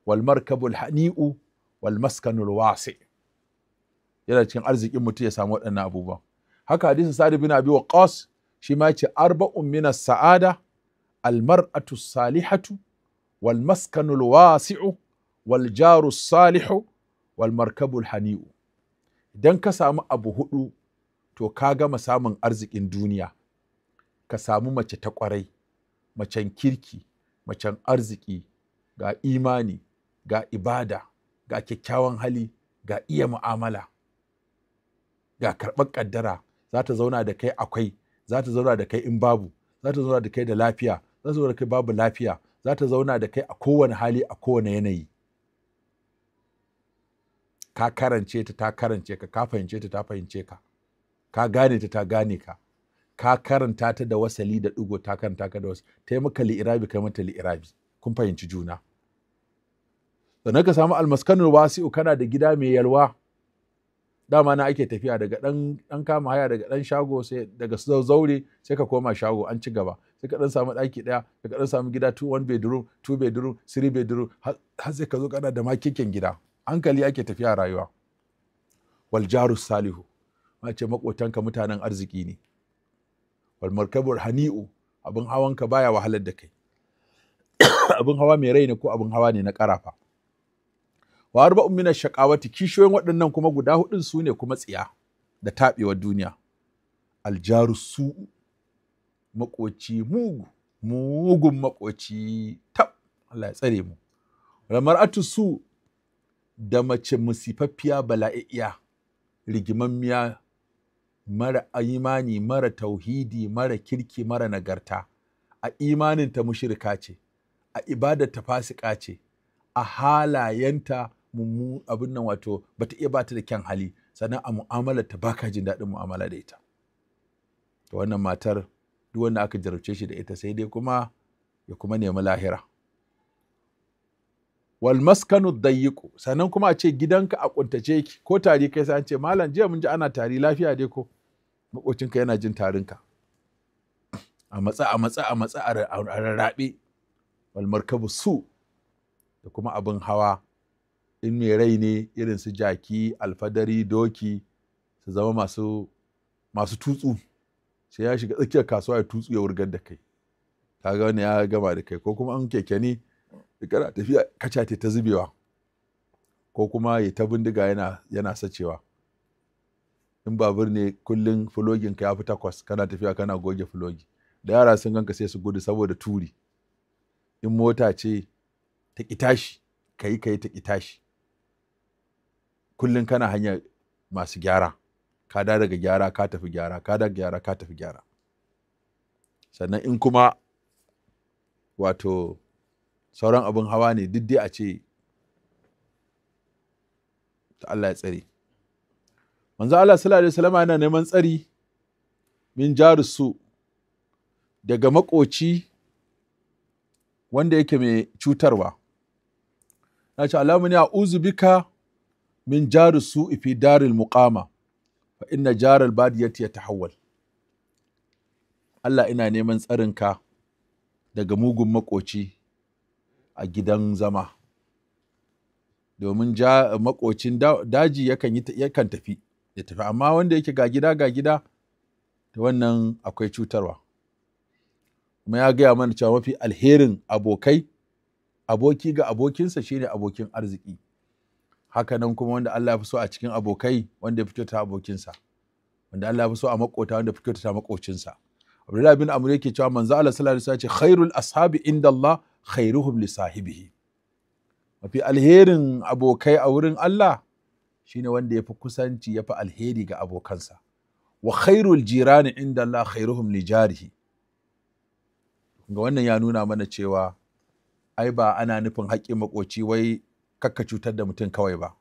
wal markabul hani'u wal maskanul wasi yana cikin arzikin mutum ya samu waɗannan abubuwa haka hadisin sa'ad bin abi waqas shi ma ce arba'un min sa'ada al mar'atu salihatu wal maskanul wasi'u wal salihu wal markabul hani'u idan ka samu abu hudu to ka gama samun arzikin duniya ka samu mace ta kwarai macen kirki macen arziki ga imani ga ibada ga kyakkyawan hali ga iya mu'amala ga karɓar ƙaddara za ta zauna da kai akwai za ta zauna da kai in babu za ta zauna da kai da lafiya za ta zauna da kai babu lafiya za ta zauna da kai a kowane hali a kowane yanayi ka karance ta ta karance ka ka fahimce ta ta fahimce ka ka gane ta ta gane ka ka karanta ta da wasali da ɗugo, ta karanta ka da wasu ta maka li'irabi kai mata li'irabi kun fahimci juna sannan ka samu almaskanul wasi'u kana da gida mai yalwa dama na ake tafiya daga dan dan kama haya daga dan shago sai daga zaure sai ka koma shago an ci gaba sai ka dan samu daki daya ka dan samu gida two one bedroom two bedroom three bedroom har sai ka zo kana da makikin gida hankali ake tafiya rayuwa wal jaru salihu ma ce makotanka mutanen arziki ne wal markabu hani'u abin hawanka baya wahalar da kai abin hawa mai rai ne ko abin hawa ne na karafa wa arba'un min ash-shaqawati kishoyin waɗannan kuma guda hudun su ne kuma tsiya da taɓewar duniya jaru su makoci mugu mugun makoci tab Allah ya tsare mu wal su da mace musifaffiya bala'iiya rigimammiya mara imani mara tauhidi mara kirki mara nagarta a imanin ta mushirka ce a ta fasika ce a halayenta mummu abin nan wato bata iya bata da kyan hali sannan a mu'amala ta baka jin daɗin mu'amala da ita to wannan matar duk wanda aka jarabce shi da ita sai dai kuma ya kuma nemi lahira wal maskanu dayyiku sannan kuma a ce gidanka a kuntace yake ko tari kai sai an ce malam jiya mun ji ana tari lafiya dai ko makocinka yana jin tarinka a matsa a matsa a matsa a rarrabe wal markabu su da kuma abin hawa in mai rai ne irin su jaki alfadari doki su zama masu masu tutsu sai ya shiga tsakiyar kasuwa ya tutsu ya wurgar da kai kaga wani ya gama da kai ko kuma an keke ne kana tafiya kaca ta ta zubewa ko kuma ya ta bindiga yana yana sacewa in babur ne kullun fulogin ka ya fi takwas kana tafiya kana goge fulogi da yara sun ganka sai su gudu saboda turi in mota ce ta kitashi ka yi ta kitashi kullun kana hanyar masu gyara ka da daga gyara ka tafi gyara ka da gyara ka tafi gyara sannan in kuma wato sauran abin hawa ne duk dai a ce ta Allah ya tsare manzo Allah sallallahu alaihi wasallam yana neman tsari min jarusu daga makoci wanda yake mai cutarwa na ce alamuni a uzubika min jarusu ifi daril muqama fa inna jaral badiyati yatahawwal Allah ina neman tsarinka daga mugun makoci a gidan zama domin ja makocin daji yakan tafi ya tafi amma wanda yake ga gida ga gida ta wannan akwai cutarwa kuma ya gaya mana cewa mafi alherin abokai aboki ga abokinsa shine abokin arziki haka nan kuma wanda Allah ya fi so a cikin abokai wanda ya fito ta abokinsa wanda Allah ya fi so a makota wanda fito ta makocinsa Abdullahi bin Amr yake cewa manzo Allah sallallahu alaihi wasallam ya ce khairul ashabi inda Allah khairuhum li sahibihi mafi alherin abokai a wurin Allah shine wanda ya fi kusanci ya fi alheri ga abokansa wa khairul jirani inda Allah khairuhum li jarihi ga wannan ya nuna mana cewa ai ba ana nufin haƙƙin makoci wai kakka cutar da mutum kawai ba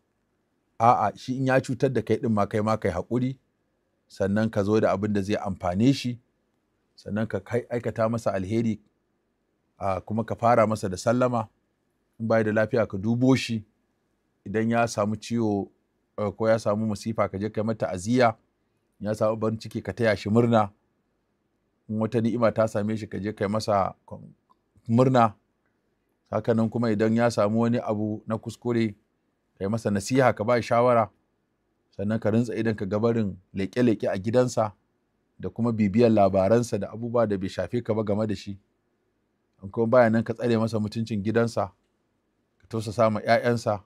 a'a shi in ya cutar da kai din ma kai ma kai haƙuri sannan ka zo da abin da zai amfane shi sannan ka aikata masa alheri kuma ka fara masa da sallama in bai da lafiya ka dubo shi idan ya samu ciwo eh, ko ya samu masifa ka je kai mata aziya ya samu ban ciki ka taya shi murna in wata ni'ima ta same shi ka je kai masa murna hakanan kuma idan ya samu wani abu na kuskure kai masa nasiha ka ba shawara sannan ka rintsa idan ka gabarin leƙe-leƙe a gidansa da kuma bibiyar labaransa da abubuwa da bai shafe ka ba game da shi in kuma baya nan ka tsare masa mutuncin gidansa ka tausasa ma 'ya'yansa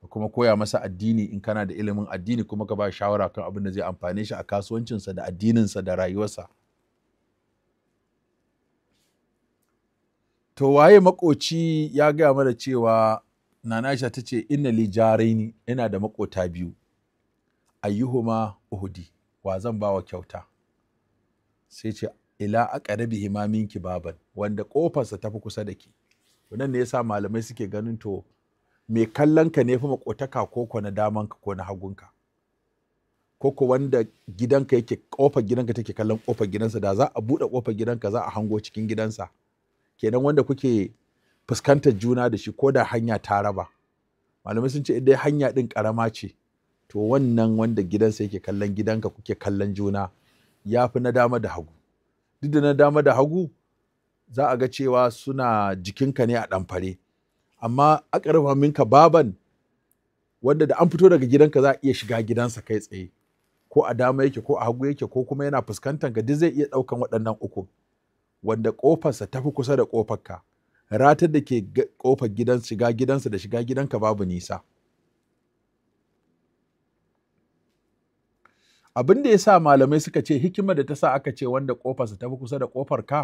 ka kuma koya masa addini in kana da ilimin addini kuma ka ba shawara kan abin da zai amfane shi a kasuwancinsa da addininsa da rayuwarsa to waye makoci ya gaya mana cewa nana aisha ta ce inna li jaraini ina da makota biyu ayyuhuma uhudi wa zan ba wa kyauta sai ce ila aqrabihi himamin ki baban wanda kofarsa fi kusa da ki nan ne yasa malamai suke ganin to mai kallon ka ne fa makotaka ko ko na daman ka ko na hagunka ko ko wanda gidanka yake kofar gidanka take kallon kofar gidansa da za a buɗe kofar gidanka za a hango cikin gidansa kenan wanda kuke fuskantar juna da shi ko da hanya ta raba malamai sun ce idan hanya din karama ce to wannan wanda gidansa yake kallon gidanka kuke kallon juna ya fi na dama da hagu duk da na dama da hagu za a ga cewa suna jikinka ne a ɗanfare. amma ƙarfa minka baban wanda da an fito daga gidanka za a iya shiga gidansa kai tsaye ko a dama yake ko a hagu yake ko kuma yana fuskantar ka duk zai iya ɗaukan waɗannan uku wanda ƙofarsa ta fi kusa da ƙofarka ratar da ke ƙofar gidan shiga gidansa da shiga gidanka babu nisa abin da ya sa malamai suka ce hikimar da ta sa aka ce wanda kofarsa ta fi kusa da kofar ka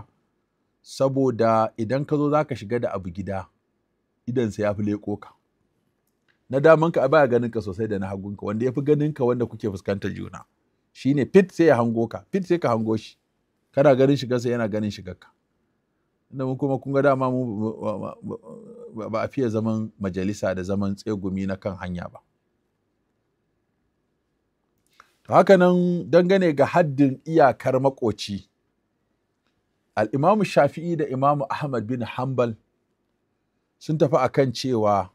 saboda idan ka zo za ka shiga da abu gida idansa ya fi leƙo ka na daman ka baya ganin ka sosai da na hagunka wanda ya fi ganin ka wanda kuke fuskantar juna shine fit sai ya hango ka fit sai ka hango shi kana ganin shiga shigarsa yana ganin ka inda mu kuma kun ga dama mu ba a fiye zaman majalisa da zaman tsegumi na kan hanya ba hakanan dangane ga haddin iyakar makoci al'imamu shafi'i da imamu ahmad bin Hambal sun tafi a kan cewa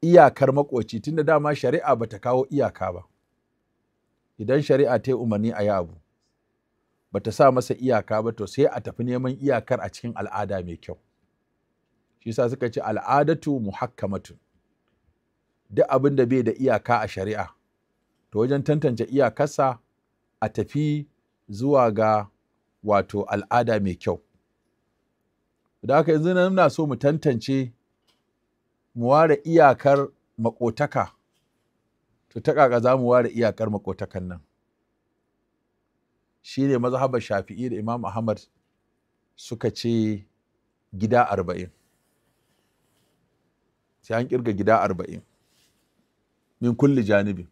iyakar makoci tunda dama shari'a bata kawo iyaka ba idan shari'a ta yi umarni a yi abu bata sa masa iyaka ba to sai a tafi neman iyakar a cikin al'ada mai kyau shi sa suka ce al'adatu muhakkamatu duk abin da bai da iyaka a shari'a to wajen tantance iyakarsa a tafi zuwa ga wato al'ada mai kyau da haka yanzu na so mu tantance mu ware iyakar makotaka to ta kaka za mu ware iyakar makotakan nan shi ne mazhabar shafi'i da imam ahmad suka ce gida arba'in sai an kirga gida arba'in min kulli janibin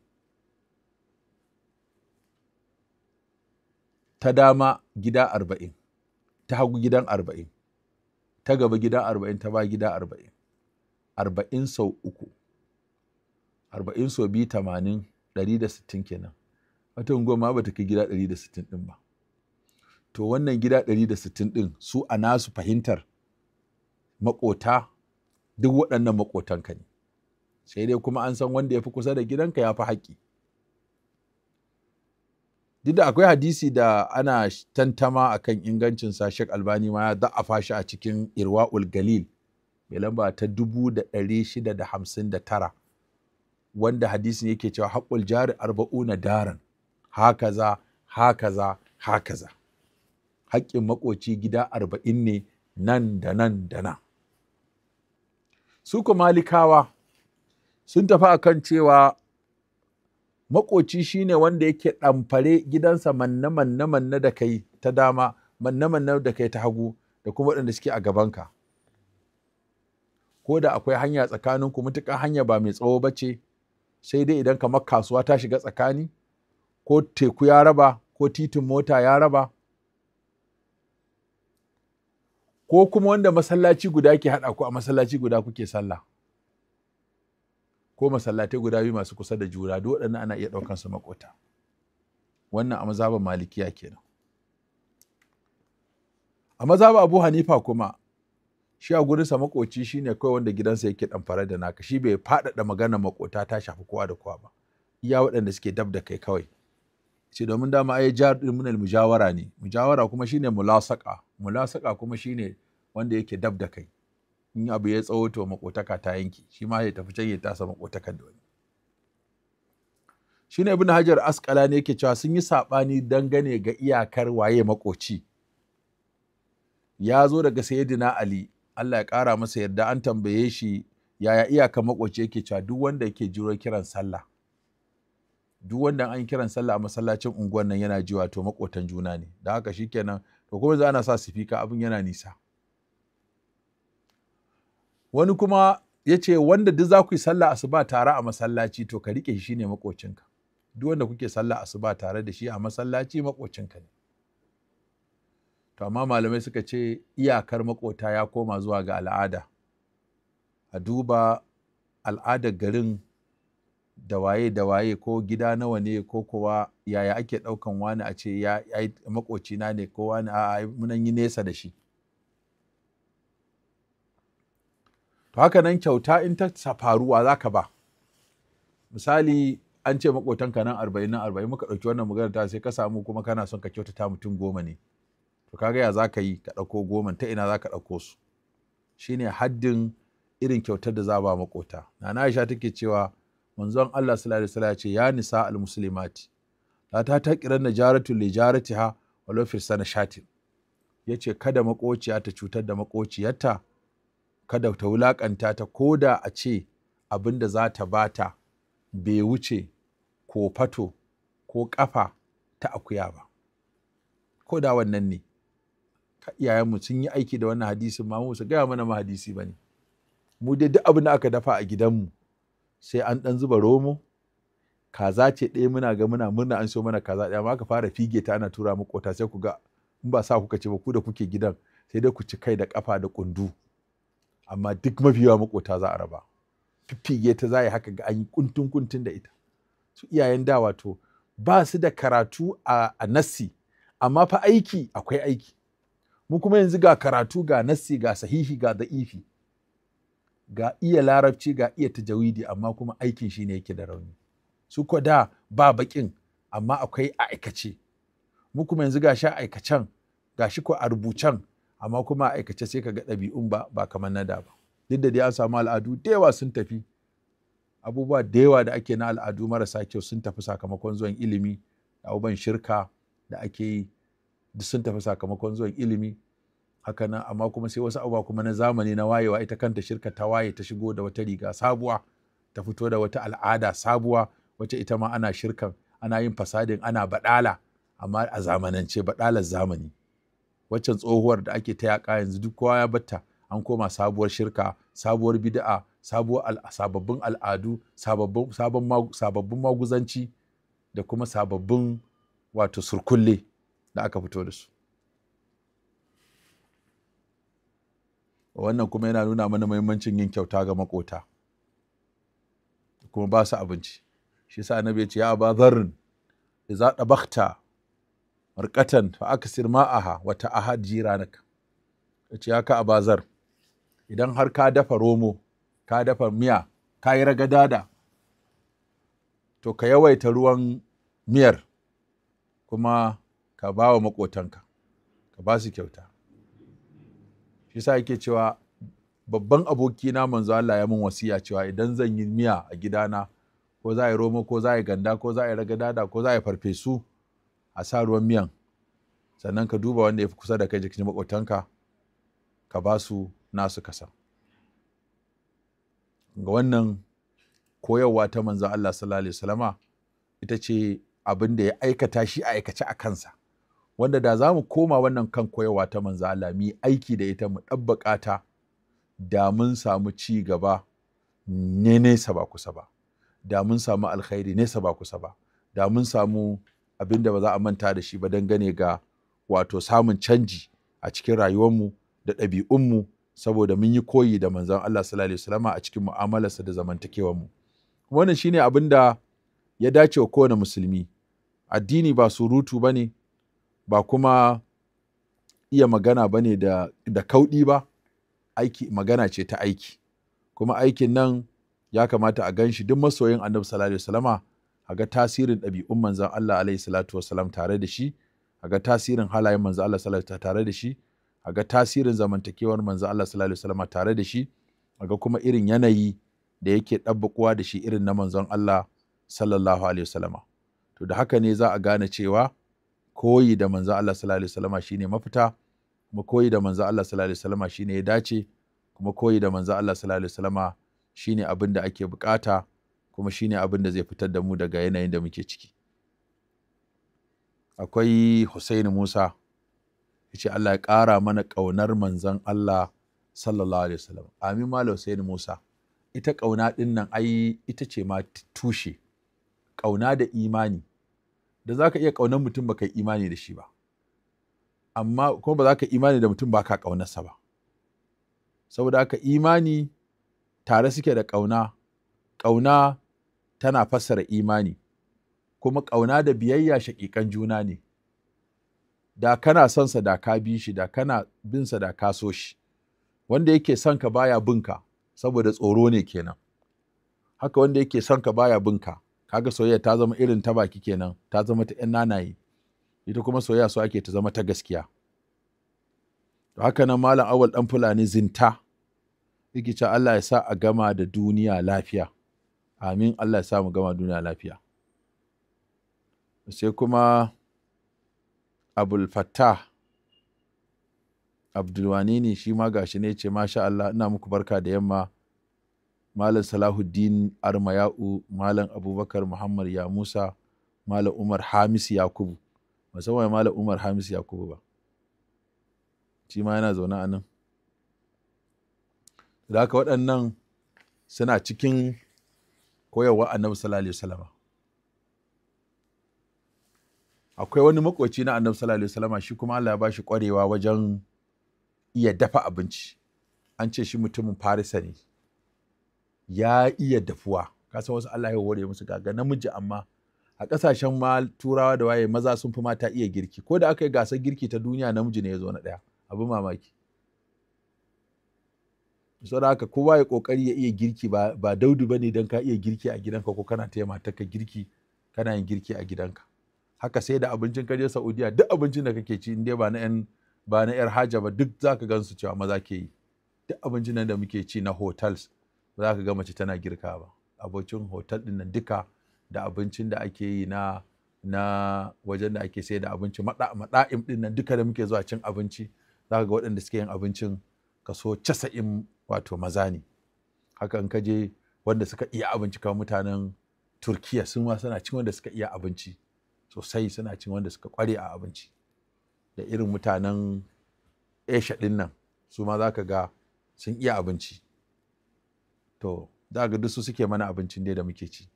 ta dama gida arba'in ta hagu gidan arba'in ta gaba gida arba'in ta ba gida arba'in arba'in sau uku arba'in sau biyu tamanin ɗari da sittin kenan wata unguwa ma ba ta kai gida ɗari da sittin ɗin ba to wannan gida ɗari da sittin ɗin su a nasu fahimtar maƙota duk waɗannan maƙotanka ne sai dai kuma an san wanda ya fi kusa da gidanka ya fi haƙƙi duk da akwai hadisi da ana tantama akan ingancin sa Sheikh Albani ma ya da'afa shi a cikin Irwaul Galil mai lamba ta 659 wanda hadisin yake cewa haƙul jari arba'una daran hakaza hakaza hakaza haƙƙin makoci gida arba'in ne nan da nan da nan su malikawa sun tafi akan cewa makoci shine wanda yake ɗamfare gidansa manne manne manne da kai ta dama manne manne da kai ta hagu da kuma waɗanda suke a gabanka ko da akwai hanya tsakanin ku mutuƙar hanya ba mai tsawo ba ce sai dai idan kamar kasuwa ta shiga tsakani ko teku ya raba ko titin mota ya raba ko kuma wanda masallaci guda ke haɗa ku a masallaci guda kuke sallah ko masallatai guda biyu masu kusa da jura duk waɗannan ana iya ɗaukan su makota wannan a malikiya kenan a mazhaban abu hanifa kuma shi a gurinsa makoci shine kawai wanda gidansa yake ɗamfare da naka shi bai faɗaɗa magana makota ta shafi kowa da kowa ba iya waɗanda suke dab da kai kawai ce domin dama ai jarin munal mujawara ne mujawara kuma shine mulasaka mulasaka kuma shine wanda yake dab da kai in abu ya tsawo to makotaka ta yanki shi ma ya tafi can ya tasa makotakan da wani shine ibnu hajar askala ne yake cewa sun yi saɓani dangane ga iyakar waye makoci ya zo daga sayyidina ali Allah ya ƙara masa yarda an tambaye shi yaya iyakar makoci yake cewa duk wanda yake jiro kiran sallah duk wanda an kiran sallah a masallacin unguwan nan yana jiwa to makotan juna ne da haka shikenan to kuma za ana sa sifika abin yana nisa wani kuma ya ce wanda duk za ku yi sallah asuba tare a masallaci to ka rike shi ne makocinka duk wanda kuke sallah asuba tare da shi a masallaci makocinka ne to amma malamai suka ce iyakar makota ya koma zuwa ga al'ada a duba al'adar garin da waye da waye ko gida nawa ne ko kowa yaya ake ɗaukan wani a ce ya makocina ne ko wani a munan yi nesa da shi to haka nan kyauta in ta safaruwa za ka ba misali an ce makotanka nan arba'in nan arba'in muka ɗauki wannan magana ta sai ka samu kuma kana son ka kyautata mutum goma ne to ga ya za ka yi ka ɗauko goma ta ina za ka ɗauko su shine haddin irin kyautar da za ba makota na Aisha take cewa manzon Allah sallallahu alaihi wasallam ya ce ya nisa al muslimati la ta taqiran najaratu li jaratiha walau fi sana shatin yace kada makociya ta cutar da makociyarta kada ta wulaƙanta ta ko da a ce abin da za ta bata bai wuce ko fato ko ƙafa ta akuya ba ko da wannan ne iyayenmu sun yi aiki da wannan hadisin ma su gaya mana ma hadisi ba ne mu dai duk abin da aka dafa a gidanmu sai an ɗan zuba romo kaza ce ɗaya muna ga muna murna an so mana kaza ɗaya ma aka fara fige ta ana tura mu kota sai ku ga in ba sa kuka ce ba ku da kuke gidan sai dai ku ci kai da ƙafa da kundu amma duk mafi yawa makota za a raba fiffige ta za yi haka ga an yi kuntun kuntun da ita su iyayen da wato ba su da karatu a, a nassi amma fa aiki akwai aiki mu kuma yanzu ga karatu ga nassi ga sahihi ga da'ifi ga iya larabci ga iya tajawidi amma kuma aikin shi ne yake da rauni su ko da ba bakin amma akwai a aikace mu kuma yanzu ga sha aikacen ga shi ko a rubucen amma kuma a aikace sai ka ga ɗabi'un ba ba kamar na da ba duk da dai an samu al'adu da yawa sun tafi abubuwa da yawa da ake na al'adu marasa kyau sun tafi sakamakon zuwan ilimi abubuwan shirka da ake yi duk sun tafi sakamakon zuwan ilimi haka nan amma kuma sai wasu abubuwa kuma na zamani na wayewa ita kanta shirka ta waye ta shigo da wata riga sabuwa ta fito da wata al'ada sabuwa wacce ita ma ana shirkan ana yin fasadin ana baɗala. amma a zamanance baɗalar zamani waccan tsohuwar da ake ta yaƙa yanzu duk kowa ya batta an koma sabuwar shirka sabuwar bida'a, sabuwar sababbin al'adu sababbin maguzanci da kuma sababbin wato surkulle da aka fito da su wannan kuma yana nuna mana mahimmancin yin kyauta ga makota kuma ba su abinci shi sa annabi ya ce ya ba zarrin idza markatan fa aksir ma'aha wata ahad jiranak yace haka bazar. idan har ka dafa romo ka dafa miya ka yi ragadada to ka yawaita ruwan miyar kuma ka ba wa maƙotanka ka ba su kyauta shi sa yake cewa babban abokina manzo Allah ya min wasiya cewa idan zan yi miya a gidana ko za a yi romo ko za a yi ganda ko za a yi ragadada ko za a yi farfesu a sa ruwan miyan sannan ka duba wanda ya fi kusa da kai jikin maƙotanka ka ba su nasu kasan. ga wannan koyarwa ta manzo Allah sallallahu alaihi wasallama ita ce abin da ya aikata shi a aikace a kansa wanda da za mu koma wannan kan koyarwa ta manzo Allah mu aiki da ita mu dabbaka ta da mun samu ci gaba ne nesa ba kusa ba da mun samu alkhairi nesa ba kusa ba da mun samu abin da ba za a manta da shi ba dangane ga wato samun canji a cikin rayuwarmu da ɗabi'unmu saboda mun yi koyi da manzon Allah sallallahu alaihi wasallam a cikin mu'amalarsa da zamantakewarmu wannan shine abin da ya dace wa kowane musulmi addini ba surutu ba ne ba kuma iya magana ba ne da, da kauɗi ba aiki magana ce ta aiki kuma aikin nan ya kamata a gan shi duk masoyin annabi sallallahu alaihi wasallama a ga tasirin ɗabi'un manzan Allah alaihi salatu wasalam tare da shi a ga tasirin halayen manzan Allah salatu alaihi tare da shi a ga tasirin zamantakewar manzan Allah salatu alaihi tare da shi a ga kuma irin yanayi da yake ɗabbaƙuwa da shi irin na manzan Allah sallallahu alaihi wasallama to da haka ne za a gane cewa koyi da manzan Allah salatu alaihi shine mafita kuma koyi da manzan Allah salatu alaihi shine ya dace kuma koyi da manzan Allah salatu alaihi shine abin da ake bukata kuma shine abin da zai fitar da mu daga yanayin da muke ciki akwai Hussein Musa yace Allah ya ƙara mana ƙaunar manzon Allah sallallahu alaihi wasallam amin malam Hussein Musa ita ƙauna din nan ai ita ce ma tushe ƙauna da imani da zaka iya ƙaunar mutum baka yi imani da shi ba amma kuma ba za ka imani da mutum ba ka ƙaunarsa ba saboda haka imani tare suke da ƙauna ƙauna tana fassara imani kuma ƙauna da biyayya shaƙiƙan juna ne da kana son sa da ka bi shi da kana bin sa da ka so shi wanda yake son ka baya bin saboda tsoro ne kenan haka wanda yake son ka baya bin kaga soyayya ta zama irin ta baki kenan ta zama ta yan nanaye ita kuma soyayya so ake ta zama ta gaskiya to haka nan malam awal ɗan fulani zinta yake Allah ya sa a gama da duniya lafiya amin Allah ya mu gama duniya lafiya sai kuma abul fattah abdulwani ne shi ma gashi ne ce masha Allah ina muku barka da yamma malam salahuddin armayau malam abubakar muhammad ya musa malam umar hamis yakubu musamman malam umar hamis yakubu ba shi ma yana zaune a nan da haka waɗannan suna cikin koyarwar annabi sallallahu alaihi wasallama akwai wani makoci na annabi sallallahu alaihi wasallama shi kuma Allah ya bashi kwarewa wajen iya dafa abinci an ce shi mutumin farisa ne ya iya dafuwa kasan wasu Allah ya hore musu gaga namiji amma a ƙasashen ma turawa da waye maza sun fi mata iya girki ko da aka yi gasar girki ta duniya namiji ne ya zo na ɗaya abin mamaki saboda haka kowa ya kokari ya iya girki ba ba daudu bane dan ka iya girki a gidanka ko kana taya ka girki kana yin girki a gidanka haka sai da abincin kaje Saudiya duk abincin da kake ci in ba na yan ba na yar haja ba duk zaka gansu cewa maza ke yi duk abincin da muke ci na hotels ba za ga mace tana girka ba abincin hotel din nan duka da abincin da ake yi na na wajen da ake sai da abinci mada'im din nan duka da muke zuwa cin abinci zaka ga waɗanda suke yin abincin kaso casa'in wato maza ne haka in ka je wanda suka iya abinci kamar mutanen turkiya sun ma suna cin wanda suka iya abinci sosai suna cin wanda suka kware a abinci da irin mutanen asia din nan su ma za ka ga sun iya abinci to za ga duk su suke mana abincin dai da muke ci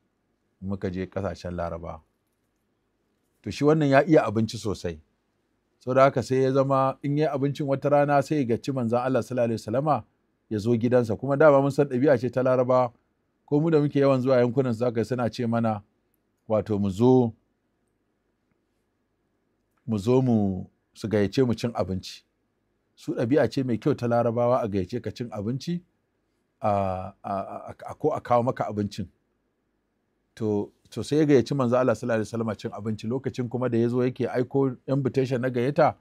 muka je kasashen laraba to shi wannan ya iya abinci sosai da haka sai ya zama in yi abincin wata rana sai ya gaci manzan Allah sallallahu alaihi wasallama ya zo gidansa kuma dama mun san ɗabi'a ce ta laraba ko mu da muke yawan zuwa yankunan zaka suna ce mana wato mu zo mu zo mu su gayyace mu cin abinci su ɗabi'a ce mai kyau ta larabawa a gayyace ka cin abinci a ko a kawo maka abincin to to sai ya gayyaci manzo Allah sallallahu alaihi wasallam cin abinci lokacin kuma da yazo yake aiko invitation na gayyata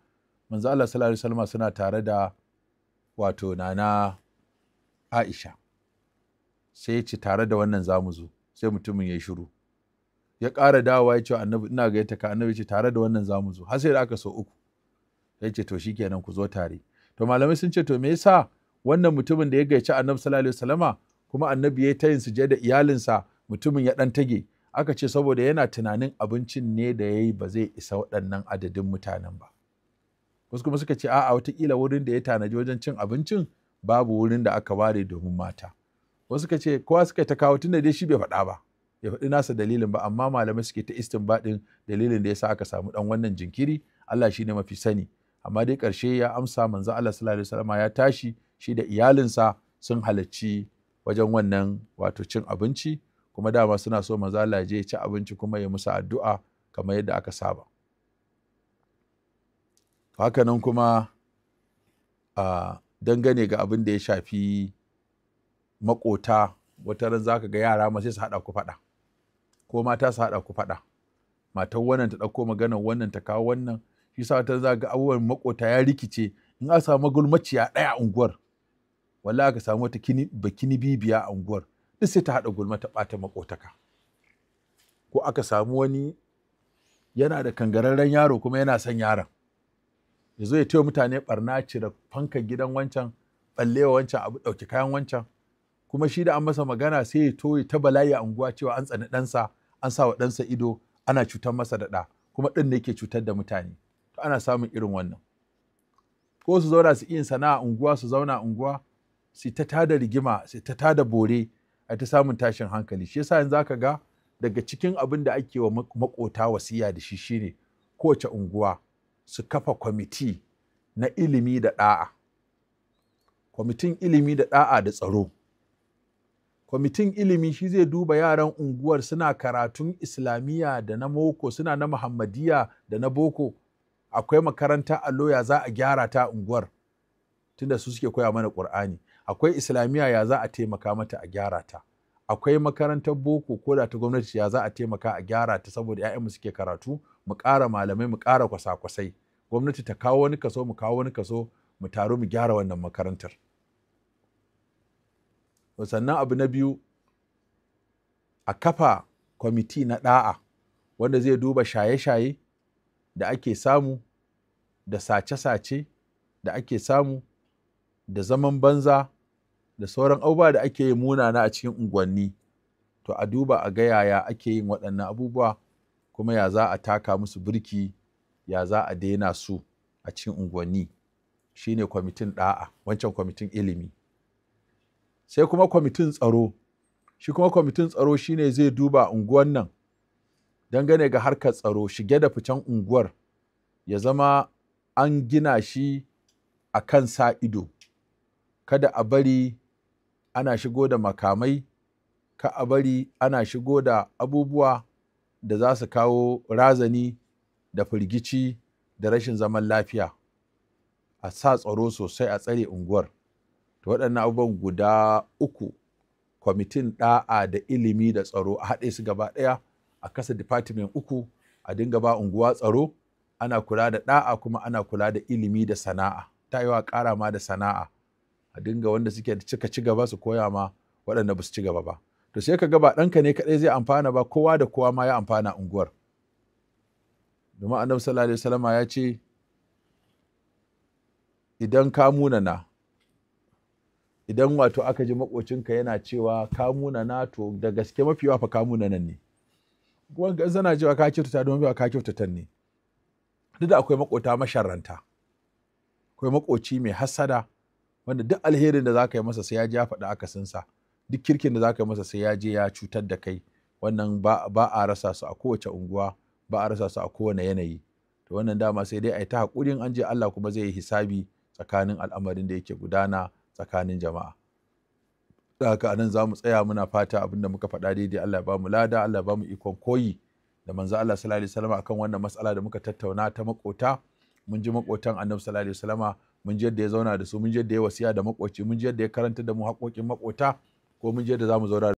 manzo Allah sallallahu alaihi wasallam suna tare da wato nana Aisha sai ya ce tare da wannan za mu zo sai mutumin ya shiru ya ƙara dawowa ya ce annabi ina ta ka annabi ce tare da wannan za mu zo har sai da aka so uku ya ce to shikenan ku zo tare to malamai sun ce to me yasa wannan mutumin da ya gaici annabi sallallahu alaihi wasallama kuma annabi ya tayin suje da iyalinsa mutumin ya dan tage aka ce saboda yana tunanin abincin ne da yayi ba zai isa waɗannan adadin mutanen ba wasu kuma suka ce a'a watakila wurin da ya tanaji wajen cin abincin babu wurin da aka ware domin mata wasu ka ce kowa suka ta kawo tunda dai shi bai faɗa ba ya faɗi nasa dalilin ba amma malamai suke ta istinbadin dalilin da yasa aka samu dan wannan jinkiri Allah shi ne mafi sani amma dai ƙarshe ya amsa manzo Allah sallallahu alaihi wasallam ya tashi shi da iyalinsa sun halarci wajen wannan wato cin abinci kuma dama suna so manzo Allah ya je ci abinci kuma ya musu addu'a kamar yadda aka saba haka kuma a ah, dangane ga abin da ya shafi makota wata ran za ka ga yara ma su haɗa ku faɗa ko mata su haɗa ku faɗa matan wannan ta ɗauko maganar wannan ta kawo wannan shi sa wata za ga abubuwan makota ya rikice in a samu gulmaciya ɗaya a unguwar wallahi aka samu wata kini, kini bibiya a unguwar duk sai ta haɗa gulma ta ɓata maƙotaka, ko aka samu wani yana da kangararren yaro kuma yana son yaron ya zo ya taya mutane barna cire fanka gidan wancan ballewa wancan abu ɗauki kayan wancan kuma shi da an masa magana sai ya toye ta bala'i a unguwa cewa an tsani ɗansa an sa wa ɗansa ido ana cutar masa da ɗa kuma ɗin ne ke cutar da mutane to ana samun irin wannan ko su zauna su yin sana'a unguwa su zauna unguwa su ta tada rigima su ta tada bore a ta samun tashin hankali shi yasa yanzu zaka ga daga cikin abin da ake wa makota wasiya da shi shine kowace unguwa su kafa kwamiti na ilimi da ɗa'a kwamitin ilimi da ɗa'a da tsaro kwamitin ilimi shi zai duba yaran unguwar suna karatun islamiyya da na moko suna na muhammadiyya da na boko akwai makaranta allo ya za a gyara ta unguwar tunda su suke koya mana Kur'ani. akwai islamiyya ya za a taimaka mata a gyara ta akwai makarantar boko ko da ta gwamnati ya za a taimaka a gyara ta saboda 'ya'yanmu suke karatu mu ƙara malamai mu ƙara kwasa-kwasai gwamnati ta kawo wani kaso mu kawo wani kaso mu taru mu gyara wannan makarantar sannan abu na biyu a kafa kwamiti na ɗa'a wanda zai duba shaye-shaye da ake samu da sace-sace da ake samu da zaman banza da sauran abubuwa da ake yi munana a cikin unguwanni to a duba a ga yaya ake yin waɗannan abubuwa kuma ya za a taka musu birki ya za a daina su a cikin unguwanni shine kwamitin ɗa'a wancan kwamitin ilimi sai kuma kwamitin tsaro shi kuma kwamitin tsaro shine zai duba unguwan nan gane ga harkar tsaro shige da ficen unguwar ya zama an gina shi a kan sa ido kada a bari ana shigo da makamai ka a bari ana shigo da abubuwa da za su kawo razani da firgici da rashin zaman lafiya a sa tsaro sosai a tsare unguwar to waɗannan abubuwan guda uku kwamitin ɗa'a da ilimi da tsaro a haɗe su gaba ɗaya a kasa department uku a dinga ba unguwa tsaro ana kula da ɗa'a kuma ana kula da ilimi da sana'a ta yi wa ƙara ma da sana'a a dinga wanda suke cika ci gaba su koya ma waɗanda ba su ci gaba ba to sai ka gaba ba ɗanka ne kaɗai zai amfana ba kowa da kowa ma ya amfana unguwar domin annabi sallallahu alaihi wasallama ya ce idan ka munana idan wato aka ji maƙocinka yana cewa ka munana to da gaske mafi yawa fa ka munana ne wanga zana cewa ka kyautata don ba ka kyautata ne duk da akwai makota masharranta akwai makoci mai hasada wanda duk alherin da zaka yi masa sai ya ji ya faɗi akasinsa duk kirkin da za zaka masa sai ya je ya cutar da kai wannan ba a rasa su a kowace unguwa ba a rasa su a kowane yanayi to wannan dama sai dai a yi ta hakurin an je Allah kuma zai yi hisabi tsakanin al'amarin da yake gudana tsakanin jama'a da haka anan za mu tsaya muna fata abin da muka faɗa daidai Allah ya ba mu lada Allah ya ba mu ikon koyi da manzo Allah sallallahu alaihi wasallam akan wannan matsala da muka tattauna ta makota mun ji makotan Annabi sallallahu alaihi wasallam mun ji yadda ya zauna da su mun ji yadda ya wasiya da makoci mun ji yadda ya karanta da mu haƙoƙin makota ko mun je da za mu